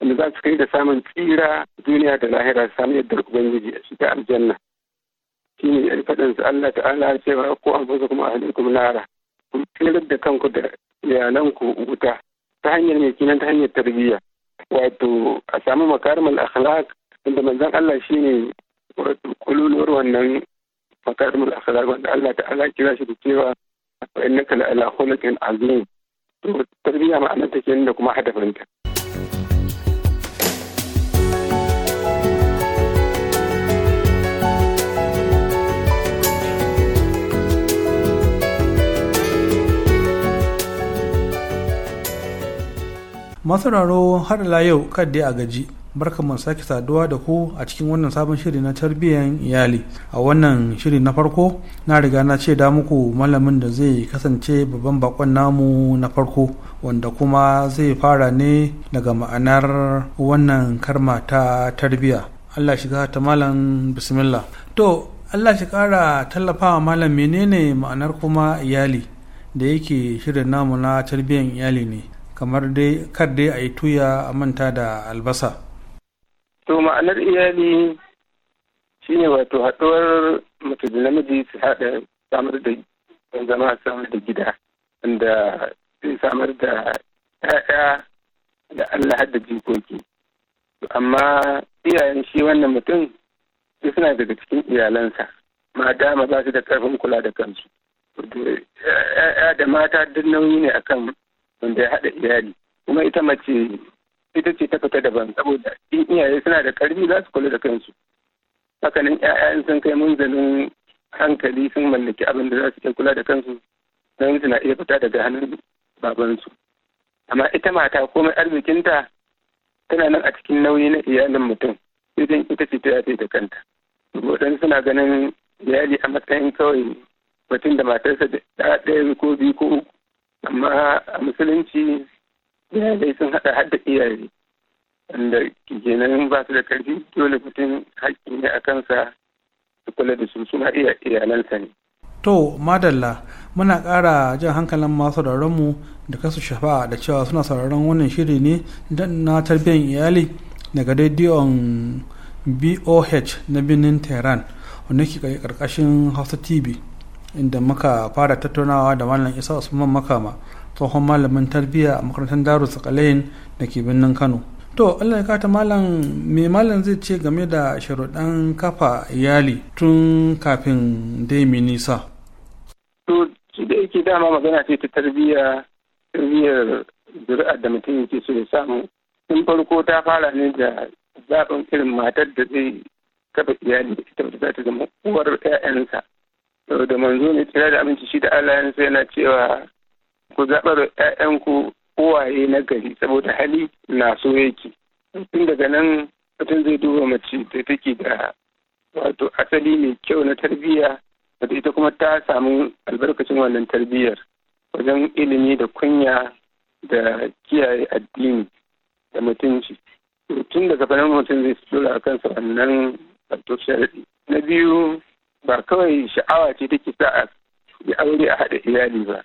wanda za su kai da samun tsira duniya da lahira su samu yadda ubangiji a shiga aljanna shi ne yan faɗin su Allah ta'ala cewa ko an fasa kuma kuma nara ku tsirar da kanku da iyalanku wuta ta hanyar mai kinan ta hanyar tarbiyya wato a samu makarimar akhlaq inda manzan Allah shine wato kululuwar wannan makarimul akhlaq wanda Allah ala kira shi da cewa fa innaka la ala khulqin azim to tarbiyya ma'anar take da kuma hadafinta masu raro har la yau kadai a gaji barka mu sake saduwa da ku a cikin wannan sabon shiri na tarbiyyar iyali a wannan shiri na farko na riga na ce da muku malamin da zai kasance babban bakon namu na farko wanda kuma zai fara ne daga ma'anar wannan karma ta tarbiyya allah shiga ta malam bismillah to allah shi kara tallafa wa malam menene ma'anar kuma iyali da yake shirin namu na tarbiyyar iyali ne kamar dai kar dai a yi tuya a manta da albasa To ma'anar iyali shine wato haɗuwar mace da namiji su haɗa samar da zama samar da gida wanda zai samar da ‘ya'ya da Allah da jikoki. Amma iyayen shi wannan mutum duk suna daga cikin iyalansa, ma dama ba su da ƙarfin kula da kansu. ‘Ya'ya da mata duk nauyi ne akan wanda ya haɗa iyali. Kuma ita mace ita ce ta fita daban saboda in iyaye suna da karfi za su kula da kansu hakanan ƴaƴan sun kai munzalin hankali sun mallaki abin da za su kula da kansu don suna iya fita daga hannun babansu amma ita mata komai arzikinta tana nan a cikin nauyi na iyalin mutum idan ita ce ta yafe da kanta waɗansu suna ganin iyali a matsayin kawai mutum da matarsa da ɗaya ko biyu ko uku amma a musulunci iyalai sun haɗa hadda iyaye wanda nan ba su da karfi dole mutum haƙƙi ne a kansa su kula da su suna iya iyalansa ne. To madalla muna ƙara jan hankalin masu mu da kasu shafa da cewa suna sauraron wannan shiri ne na tarbiyyar iyali daga rediyon BOH na birnin Tehran wanda ke ƙarƙashin Hausa TV inda muka fara tattaunawa da Malam Isa Usman Makama tsohon malamin tarbiyya a makarantar daru kalayin da ke birnin kano to allah ya kata malam me malam zai ce game da sharuɗan kafa iyali tun kafin dai mi nisa to shi da yake dama magana ce ta tarbiyya tarbiyyar zuri'ar da mutum yake so ya samu Tun farko ta fara ne da zaɓin irin matar da zai kafa iyali da ita za ta zama uwar 'ya'yansa da manzo ne tsira da aminci shi da Allah yana cewa ku zaɓar 'ya'yanku uwaye na gari saboda hali na so yake tun daga nan mutum zai duba mace da take da wato asali mai kyau na tarbiyya wato ita kuma ta samu albarkacin wannan tarbiyyar wajen ilimi da kunya da kiyaye addini da mutunci tun daga fanar mutum zai tura a kansa wannan wato sharaɗi na biyu ba kawai sha'awa ce take sa a yi aure a haɗa iyali ba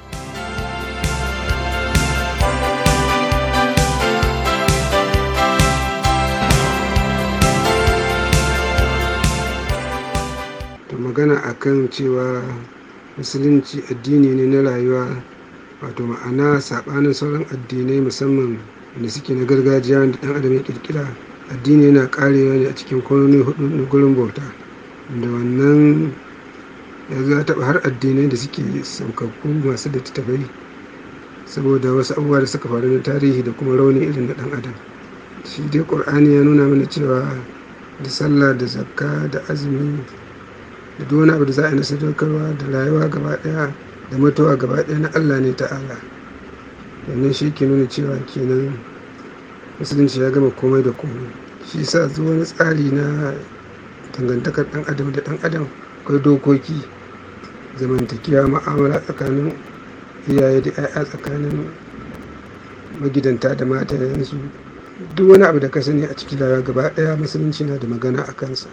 magana a kan cewa musulunci addini ne na rayuwa wato ma'ana saɓanin sauran addinai musamman da suke na gargajiya da ɗan adam ya ƙirƙira addini yana ƙarewa ne a cikin kwanoni hudu na gurin bauta da wannan ya za taɓa har addinai da suke saukakku masu da tafai saboda wasu abubuwa da suka faru na tarihi da kuma rauni irin na ɗan adam shi dai ƙur'ani ya nuna mana cewa da sallah da zakka da azumi da duk wani abu da za a yi na sadaukarwa da rayuwa gaba ɗaya da mutuwa gaba ɗaya na allah ne ta'ala Wannan shi ke nuna cewa kenan musulunci ya gama komai da komai shi sa zuwa wani tsari na dangantakar ɗan adam da ɗan adam akwai dokoki zamantakewa ma'amala tsakanin iyaye da 'ya'ya tsakanin magidanta da mata yanzu. duk wani abu da ka sani a cikin rayuwa gaba ɗaya musulunci na da magana a kansa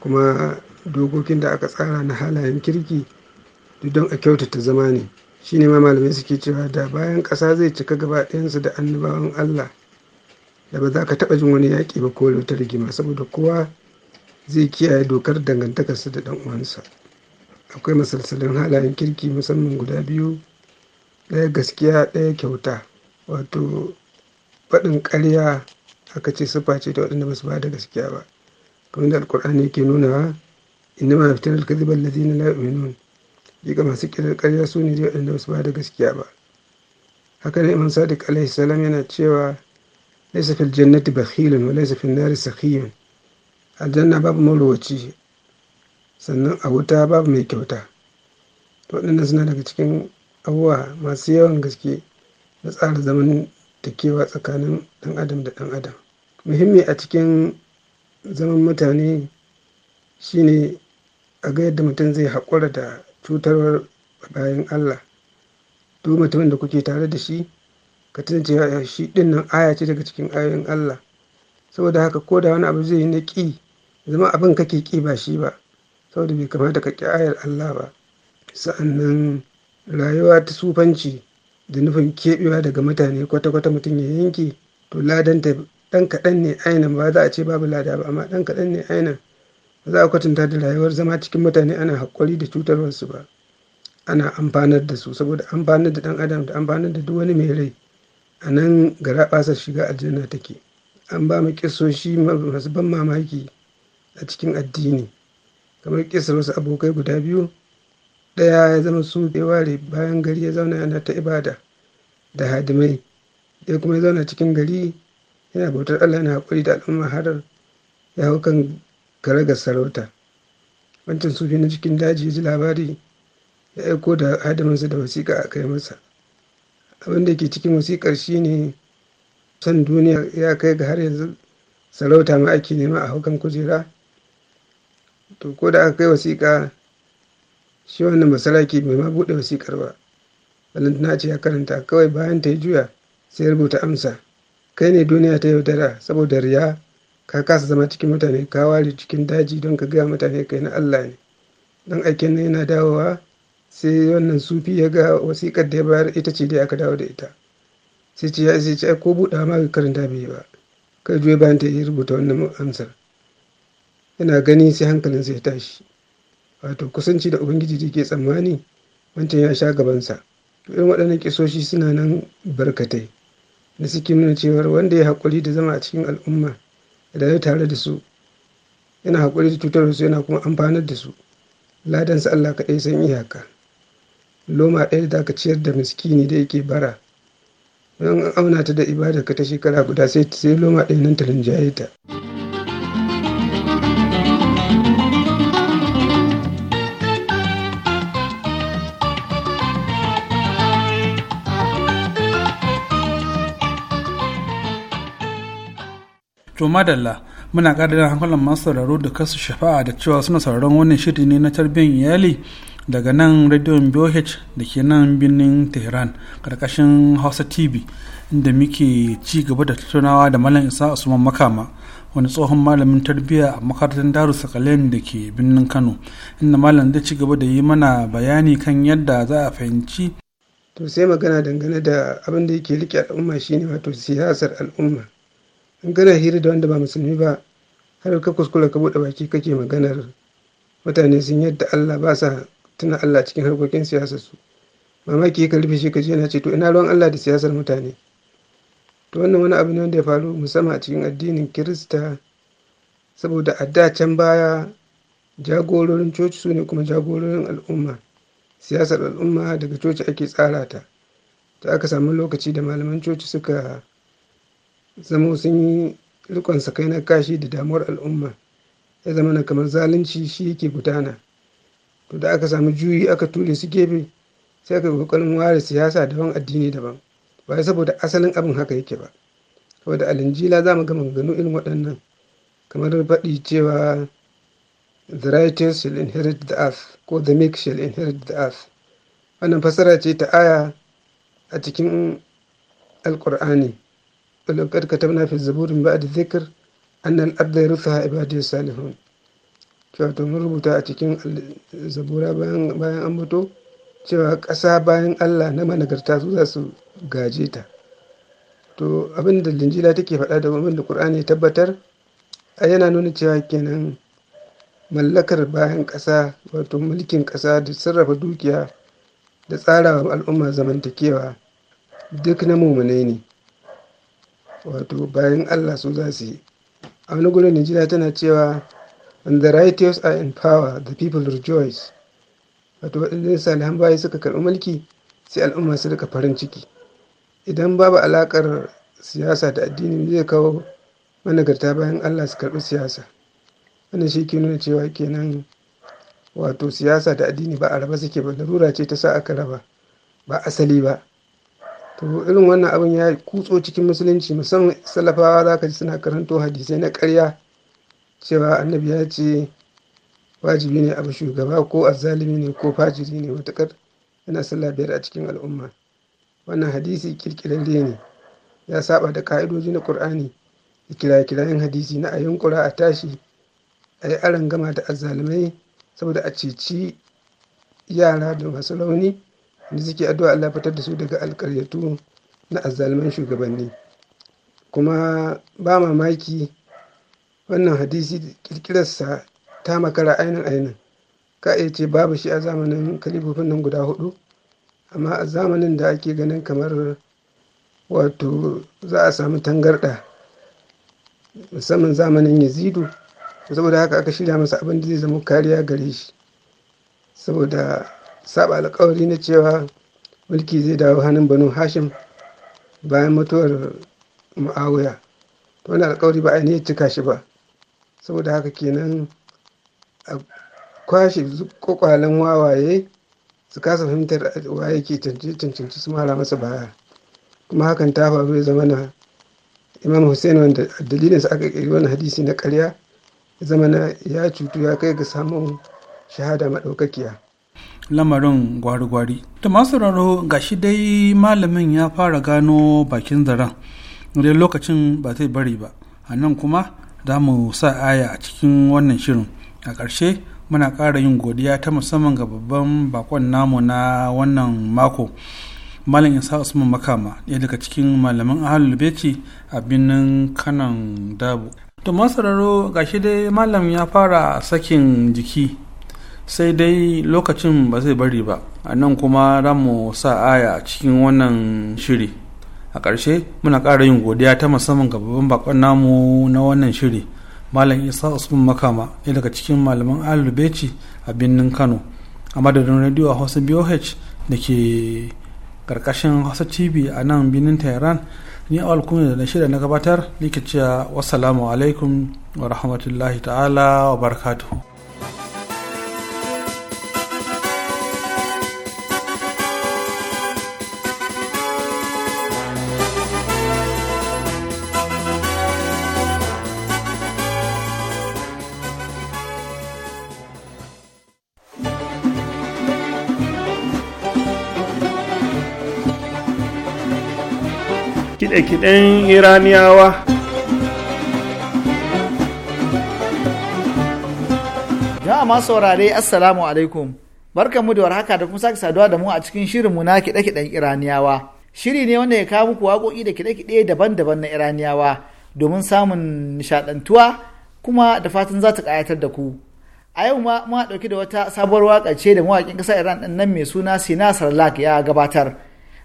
kuma dokokin da aka tsara na halayen kirki duk don a kyautata zama ne shine ma malamai suke cewa da bayan ƙasa zai cika gaba ɗayansu da annabawan allah da ba za ka taɓa jin wani yaƙi ba ko wata rigima saboda kowa zai kiyaye dokar dangantakarsa da ɗan uwansa akwai masalsalin halayen kirki musamman guda biyu ɗaya gaskiya ɗaya kyauta wato faɗin ƙarya aka ce siffa ce ta waɗanda ba su ba da gaskiya ba kamar da alkur'ani ke nunawa innama yaftarul kadhiba allazina la yu'minun diga masu kirar karya su ne zai wadanda wasu ba da gaskiya ba haka ne iman sadiq alaihi salam yana cewa "Laisafin fil jannati bakhilun wa laysa fil nari sakhiyun aljanna babu marowaci sannan a wuta babu mai kyauta waɗannan suna daga cikin abubuwa masu yawan gaske na tsara zaman takewa tsakanin ɗan adam da ɗan adam muhimmi a cikin zaman mutane shine a ga yadda mutum zai haƙura da cutarwar bayan Allah duk mutumin da kuke tare da shi ka tuna cewa shi ɗin nan aya ce daga cikin ayoyin Allah saboda haka ko da wani abu zai yi na ƙi zama abin kake ƙi ba shi ba saboda bai kamata ka ƙi ayar Allah ba sa'annan rayuwa ta sufanci da nufin keɓewa daga mutane kwata-kwata mutum ya yanke to ladanta ɗan kaɗan ne ainihin ba za a ce babu lada ba amma ɗan kaɗan ne ainihin za a kwatanta da rayuwar zama cikin mutane ana haƙuri da cutarwarsu ba ana amfanar da su saboda amfanar da ɗan adam da amfanar da duk wani mai rai a nan gara ɓasa shiga aljanna take an ba mu kisoshi masu ban mamaki a cikin addini kamar kisar wasu abokai guda biyu ɗaya ya zama su ware bayan gari ya zauna yana ta ibada da hadimai ya kuma ya zauna cikin gari yana bautar allah yana haƙuri da al'umma har ya hau kan raga sarauta wancan sufi na cikin daji ji labari ya aiko da hadaminsa da wasiƙa a kai masa abin da ke cikin wasiƙar shine son duniya ya kai ga har yanzu sarauta ma ake nema a haukan kujera to ko da aka kai wasiƙa shi wannan masaraki bai ma buɗe wasiƙar ba balantana ce ya karanta kawai bayan ta yi juya sai rubuta amsa kai ne duniya ta yaudara saboda riya ka kasa zama cikin mutane ka ware cikin daji don ka gaya mutane kai na Allah ne don aikin na yana dawowa sai wannan sufi ya ga wasiƙar da ya bayar ita ce da aka dawo da ita sai ce ya ce ce ko buɗa ma ga karanta bai ba kai juya bayan ta rubuta wannan amsar yana gani sai hankalinsa ya tashi wato kusanci da ubangiji da ke tsammani wancan ya sha gabansa to irin waɗannan kisoshi suna nan barkatai da suke nuna cewa wanda ya haƙuri da zama a cikin al'umma da ya tare da su yana haƙuri da cutar su yana kuma amfanar da su ladansa Allah kaɗai san iyaka loma ɗaya da aka ciyar da miskini da yake bara don an auna ta da ibada ka ta shekara guda sai loma ɗaya nan ta rinjaye ta. to madalla muna da hankalin masu sauraro da kasu shafa'a da cewa suna sauraron wannan shiri ne na tarbiyyar iyali daga nan rediyon boh da ke nan birnin tehran karkashin hausa tv inda muke ci gaba da tattaunawa da malam isa usman makama wani tsohon malamin tarbiyya a makarantar darus sakalen da ke birnin kano inda malam zai ci gaba da yi mana bayani kan yadda za a fahimci to sai magana dangane da abin da yake rike al'umma shine wato siyasar al'umma gana hira da wanda ba musulmi ba har ka kuskura ka bude baki kake maganar mutane sun yadda Allah ba sa tuna Allah cikin harkokin siyasar su mamaki ka rufe shi ka ce na ce to ina ruwan Allah da siyasar mutane to wannan wani abu ne wanda ya faru musamman a cikin addinin Kirista saboda a da can baya jagororin coci su ne kuma jagororin al'umma siyasar al'umma daga coci ake tsara ta ta aka samu lokaci da malaman coci suka zamo sun yi rikon na kashi da damuwar al'umma ya zama na kamar zalunci shi yake gudana to da aka samu juyi aka ture su gefe sai aka kokarin ware siyasa daban addini daban ba saboda asalin abin haka yake ba saboda alinjila za mu ga maganganu irin waɗannan kamar faɗi cewa the righteous shall inherit the earth ko the meek shall inherit the earth wannan fassara ce ta aya a cikin alkur'ani ولقد كتبنا في الزبور من بعد الذكر أن الأرض يرثها عبادي wato mun rubuta a cikin zabura bayan an mutu cewa ƙasa bayan allah na managarta su zasu gaje ta to abin da linjila take faɗa da abin da ƙur'ani tabbatar a yana nuna cewa kenan mallakar bayan ƙasa wato mulkin ƙasa da sarrafa dukiya da tsarawa al'umma zamantakewa duk na mummunai ne wato bayan allah su za su yi a wani gudun nigeria tana cewa when the righteous are in power the people rejoice wato waɗanda sa bayi suka karɓi mulki sai al'umma su rika farin ciki idan babu alaƙar siyasa da addini zai kawo managarta bayan allah su karɓi siyasa wannan shi ke nuna cewa kenan wato siyasa da addini ba a raba suke ba larura ce ta sa aka raba ba asali ba to irin wannan abin ya kutso cikin musulunci musamman salafawa za ka ji suna karanto hadisai na karya cewa annabi ya ce wajibi ne abu shugaba ko azalimi ne ko fajiri ne matukar yana sallah biyar a cikin al'umma wannan hadisi kirkirarre ne ya saba da ka'idoji na qur'ani da kira-kirayen hadisi na a yunkura a tashi a yi aran gama da azalimai saboda a ceci yara da masu rauni da suke addu'a Allah fitar da su daga alƙaryatu na azzaluman shugabanni kuma ba mamaki wannan hadisi kirkirarsa ta makara ainin ainin ka iya ce babu shi a zamanin kalifofin nan guda hudu amma a zamanin da ake ganin kamar wato za a samu tangarɗa musamman zamanin yazidu saboda haka aka shirya masa abin da zai zama kariya gare shi saboda saba alkawari na cewa mulki zai dawo hannun banu hashim bayan mutuwar ma'awuya to wani alkawari ba ne cika shi ba saboda haka kenan a kwashe kwakwalen wawaye su kasa fahimtar waye ke cancanci su mara masa baya kuma hakan ta faru ya zama na imam hussein wanda dalilin sa aka kiri wani hadisi na karya ya zama na ya cutu ya kai ga samun shahada maɗaukakiya lamarin gwari-gwari ta masu raro ga shi dai malamin ya fara gano bakin zaren da lokacin ba zai bari ba a nan kuma za mu sa aya a cikin wannan shirin a ƙarshe muna ƙara yin godiya ta musamman ga babban bakon namu na wannan mako malam isa usman makama ɗaya daga cikin malaman ahalul beci a birnin kanan dabu to ga shi dai malam ya fara sakin jiki sai dai lokacin ba zai bari ba a nan kuma za mu sa aya a cikin wannan shiri a ƙarshe muna ƙara yin godiya ta musamman ga babban bakon namu na wannan shiri malam isa usman makama ne daga cikin malaman alubeci a birnin kano a madadin radio a hausa boh da ke ƙarƙashin hausa tv a nan birnin tehran ni awal kuma da na shirya na gabatar likita cewa alaikum wa rahmatullahi ta'ala wa barakatuhu kide-kiden iraniyawa jama'a saurare assalamu alaikum barkanmu da warhaka da kuma sake saduwa da mu a cikin shirinmu na kiɗe-kiɗen iraniyawa shiri ne wanda ya kawo muku waƙoƙi da kiɗe-kiɗe daban-daban na iraniyawa domin samun nishaɗantuwa kuma da fatan za ta ƙayatar da ku a yau ma mu ɗauki da wata sabuwar waƙa ce da mawaƙin ƙasar iran ɗin nan mai suna Sinasar Lak ya gabatar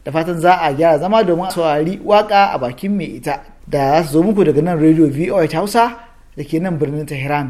da fatan za a gyara zama domin saurari waka a bakin mai ita da za su zo muku daga nan radio voa hausa da ke nan birnin tehran.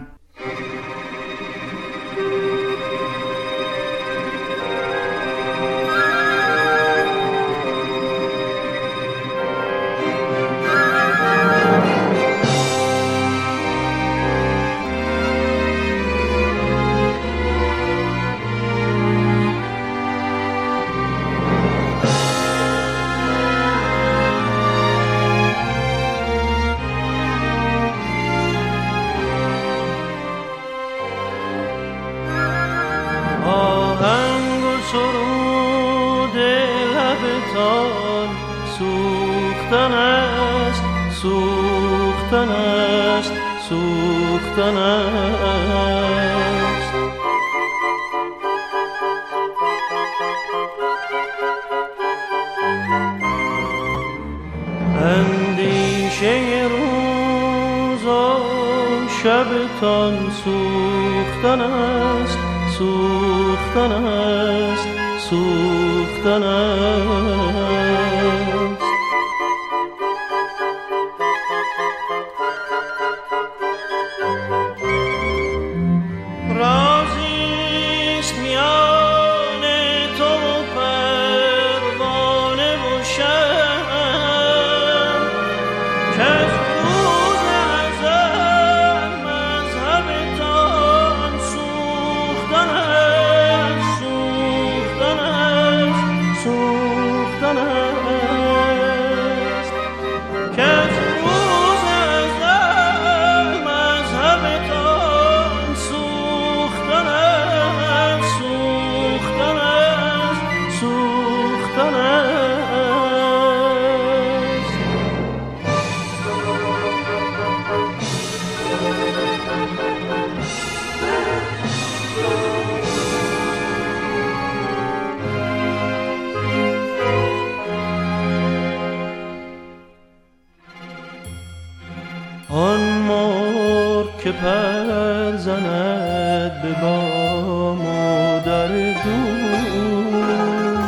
با مادر دور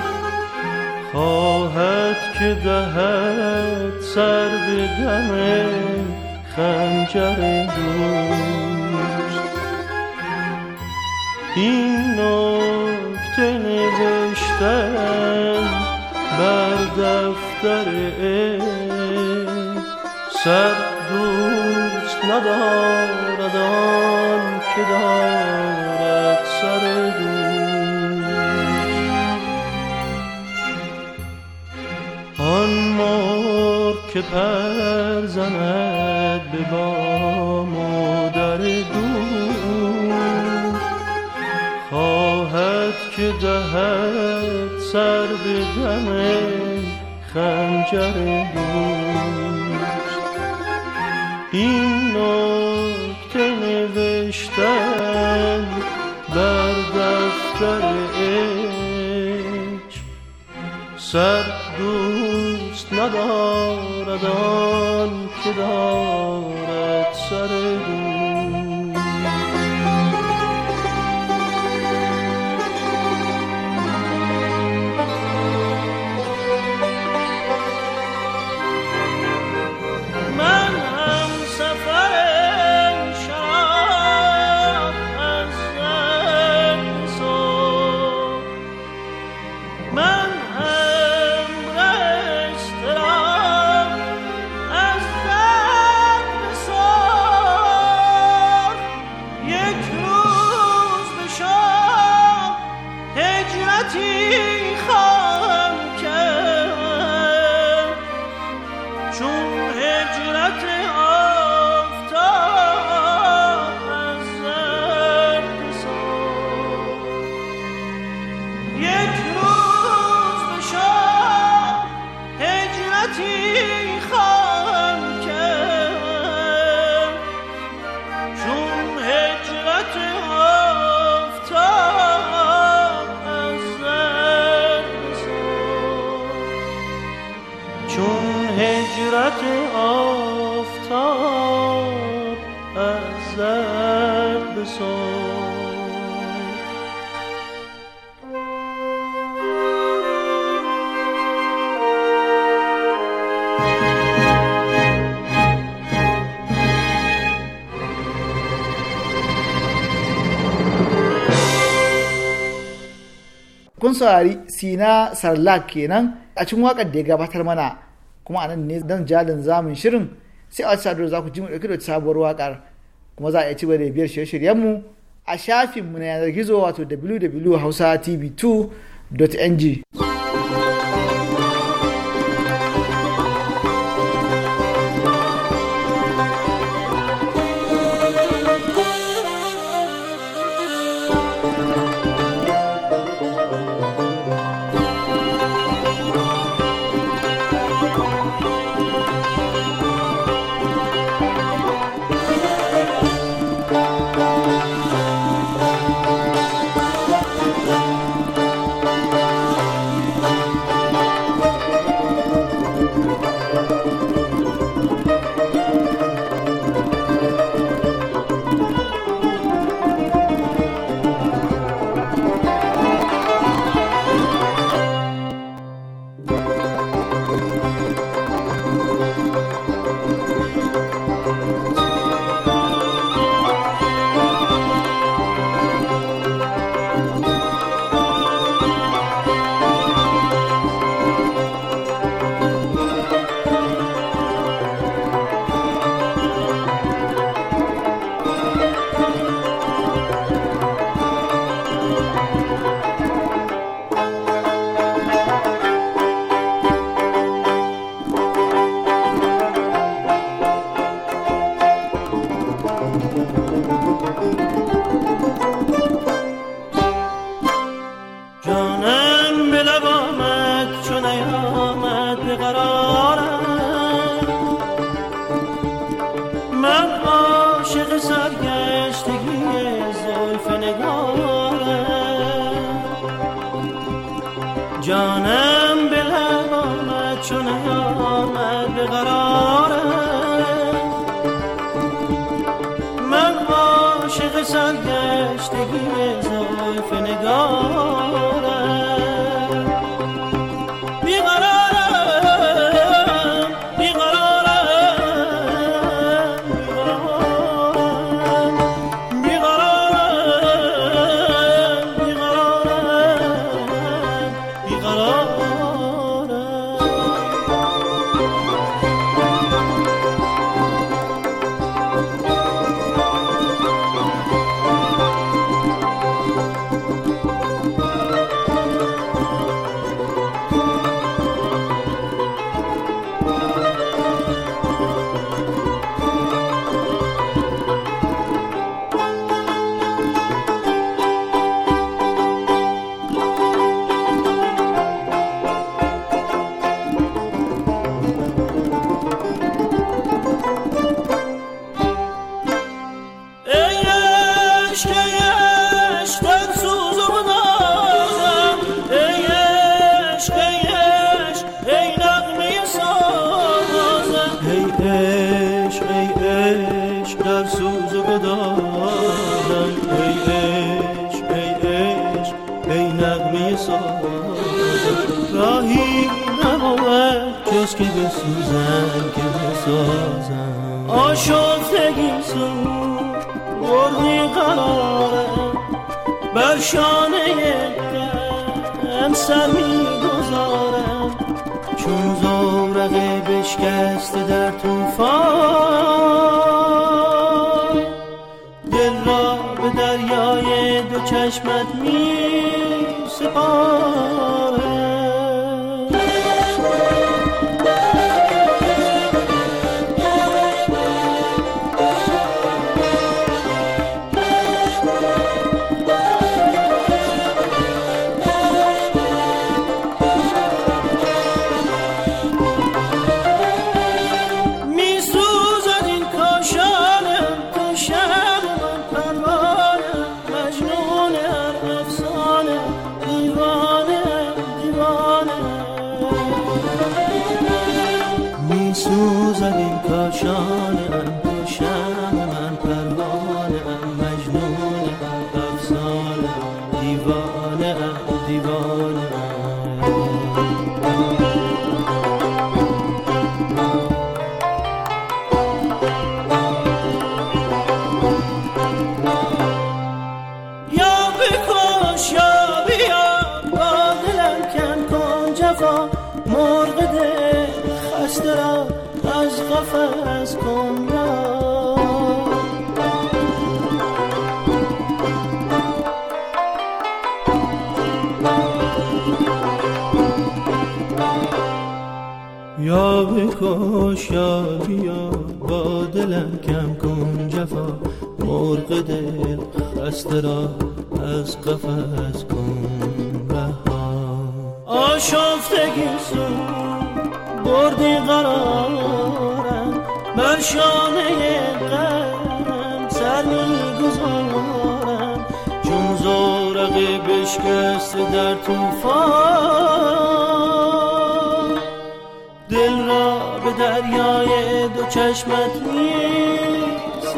خواهد که دهد سر به دم خنجر دوست این نکته نوشتن بر دفتر سر دوست ندارد آن که دارد پر به بام و دور خواهد که دهد سر به دم خنجر 今。kun saurari sina sarlak kenan a cikin wakar da ya gabatar mana kuma anan ne dan jalin zamun shirin sai a sadar za ku ji mu dauki da sabuwar wakar kuma za a iya ci da biyar shirye mu a shafinmu na yanar gizo wato www.hausa tv2.ng برگشتگی سازم آشفتگی قرار مرغی قراره بر شانه من سر میگذارم چون زمرقه بشکسته در تو جان انگوشم خوش بیا با دلم کم کن جفا مرغ دل خسته از قفس کن رها آشفتگی سو بردی قرارم بر شانه قرم سر گذارم چون زورقی بشکست در توفان دریای دو چشمت نیست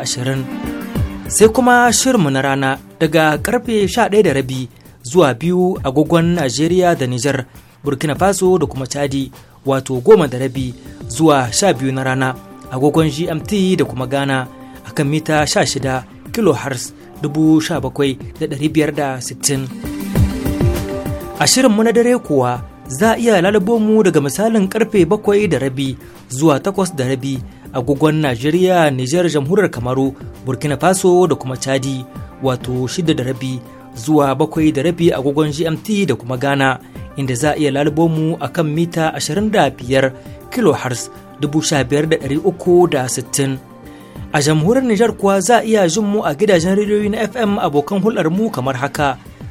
ashirin sai kuma shirinmu na rana daga karfe rabi zuwa biyu agogon Najeriya da Nijar Burkina Faso da kuma Chadi wato goma da rabi zuwa sha biyu na rana agogon GMT da kuma Ghana a kan mita 16 kilohertz 17,560 a shirinmu na dare kuwa za a iya lalabo mu daga misalin karfe bakwai da rabi zuwa takwas da rabi agogon Najeriya, Nijar, Jamhuriyar Kamaru, Burkina Faso da kuma Chadi, wato shida da rabi zuwa bakwai da rabi agogon GMT da kuma Ghana, inda za a iya lalabo mu a kan mita 25 kHz 15,360. A jamhuriyar Nijar kuwa za a iya jin mu a gidajen rediyoyi na FM abokan hular mu kamar haka.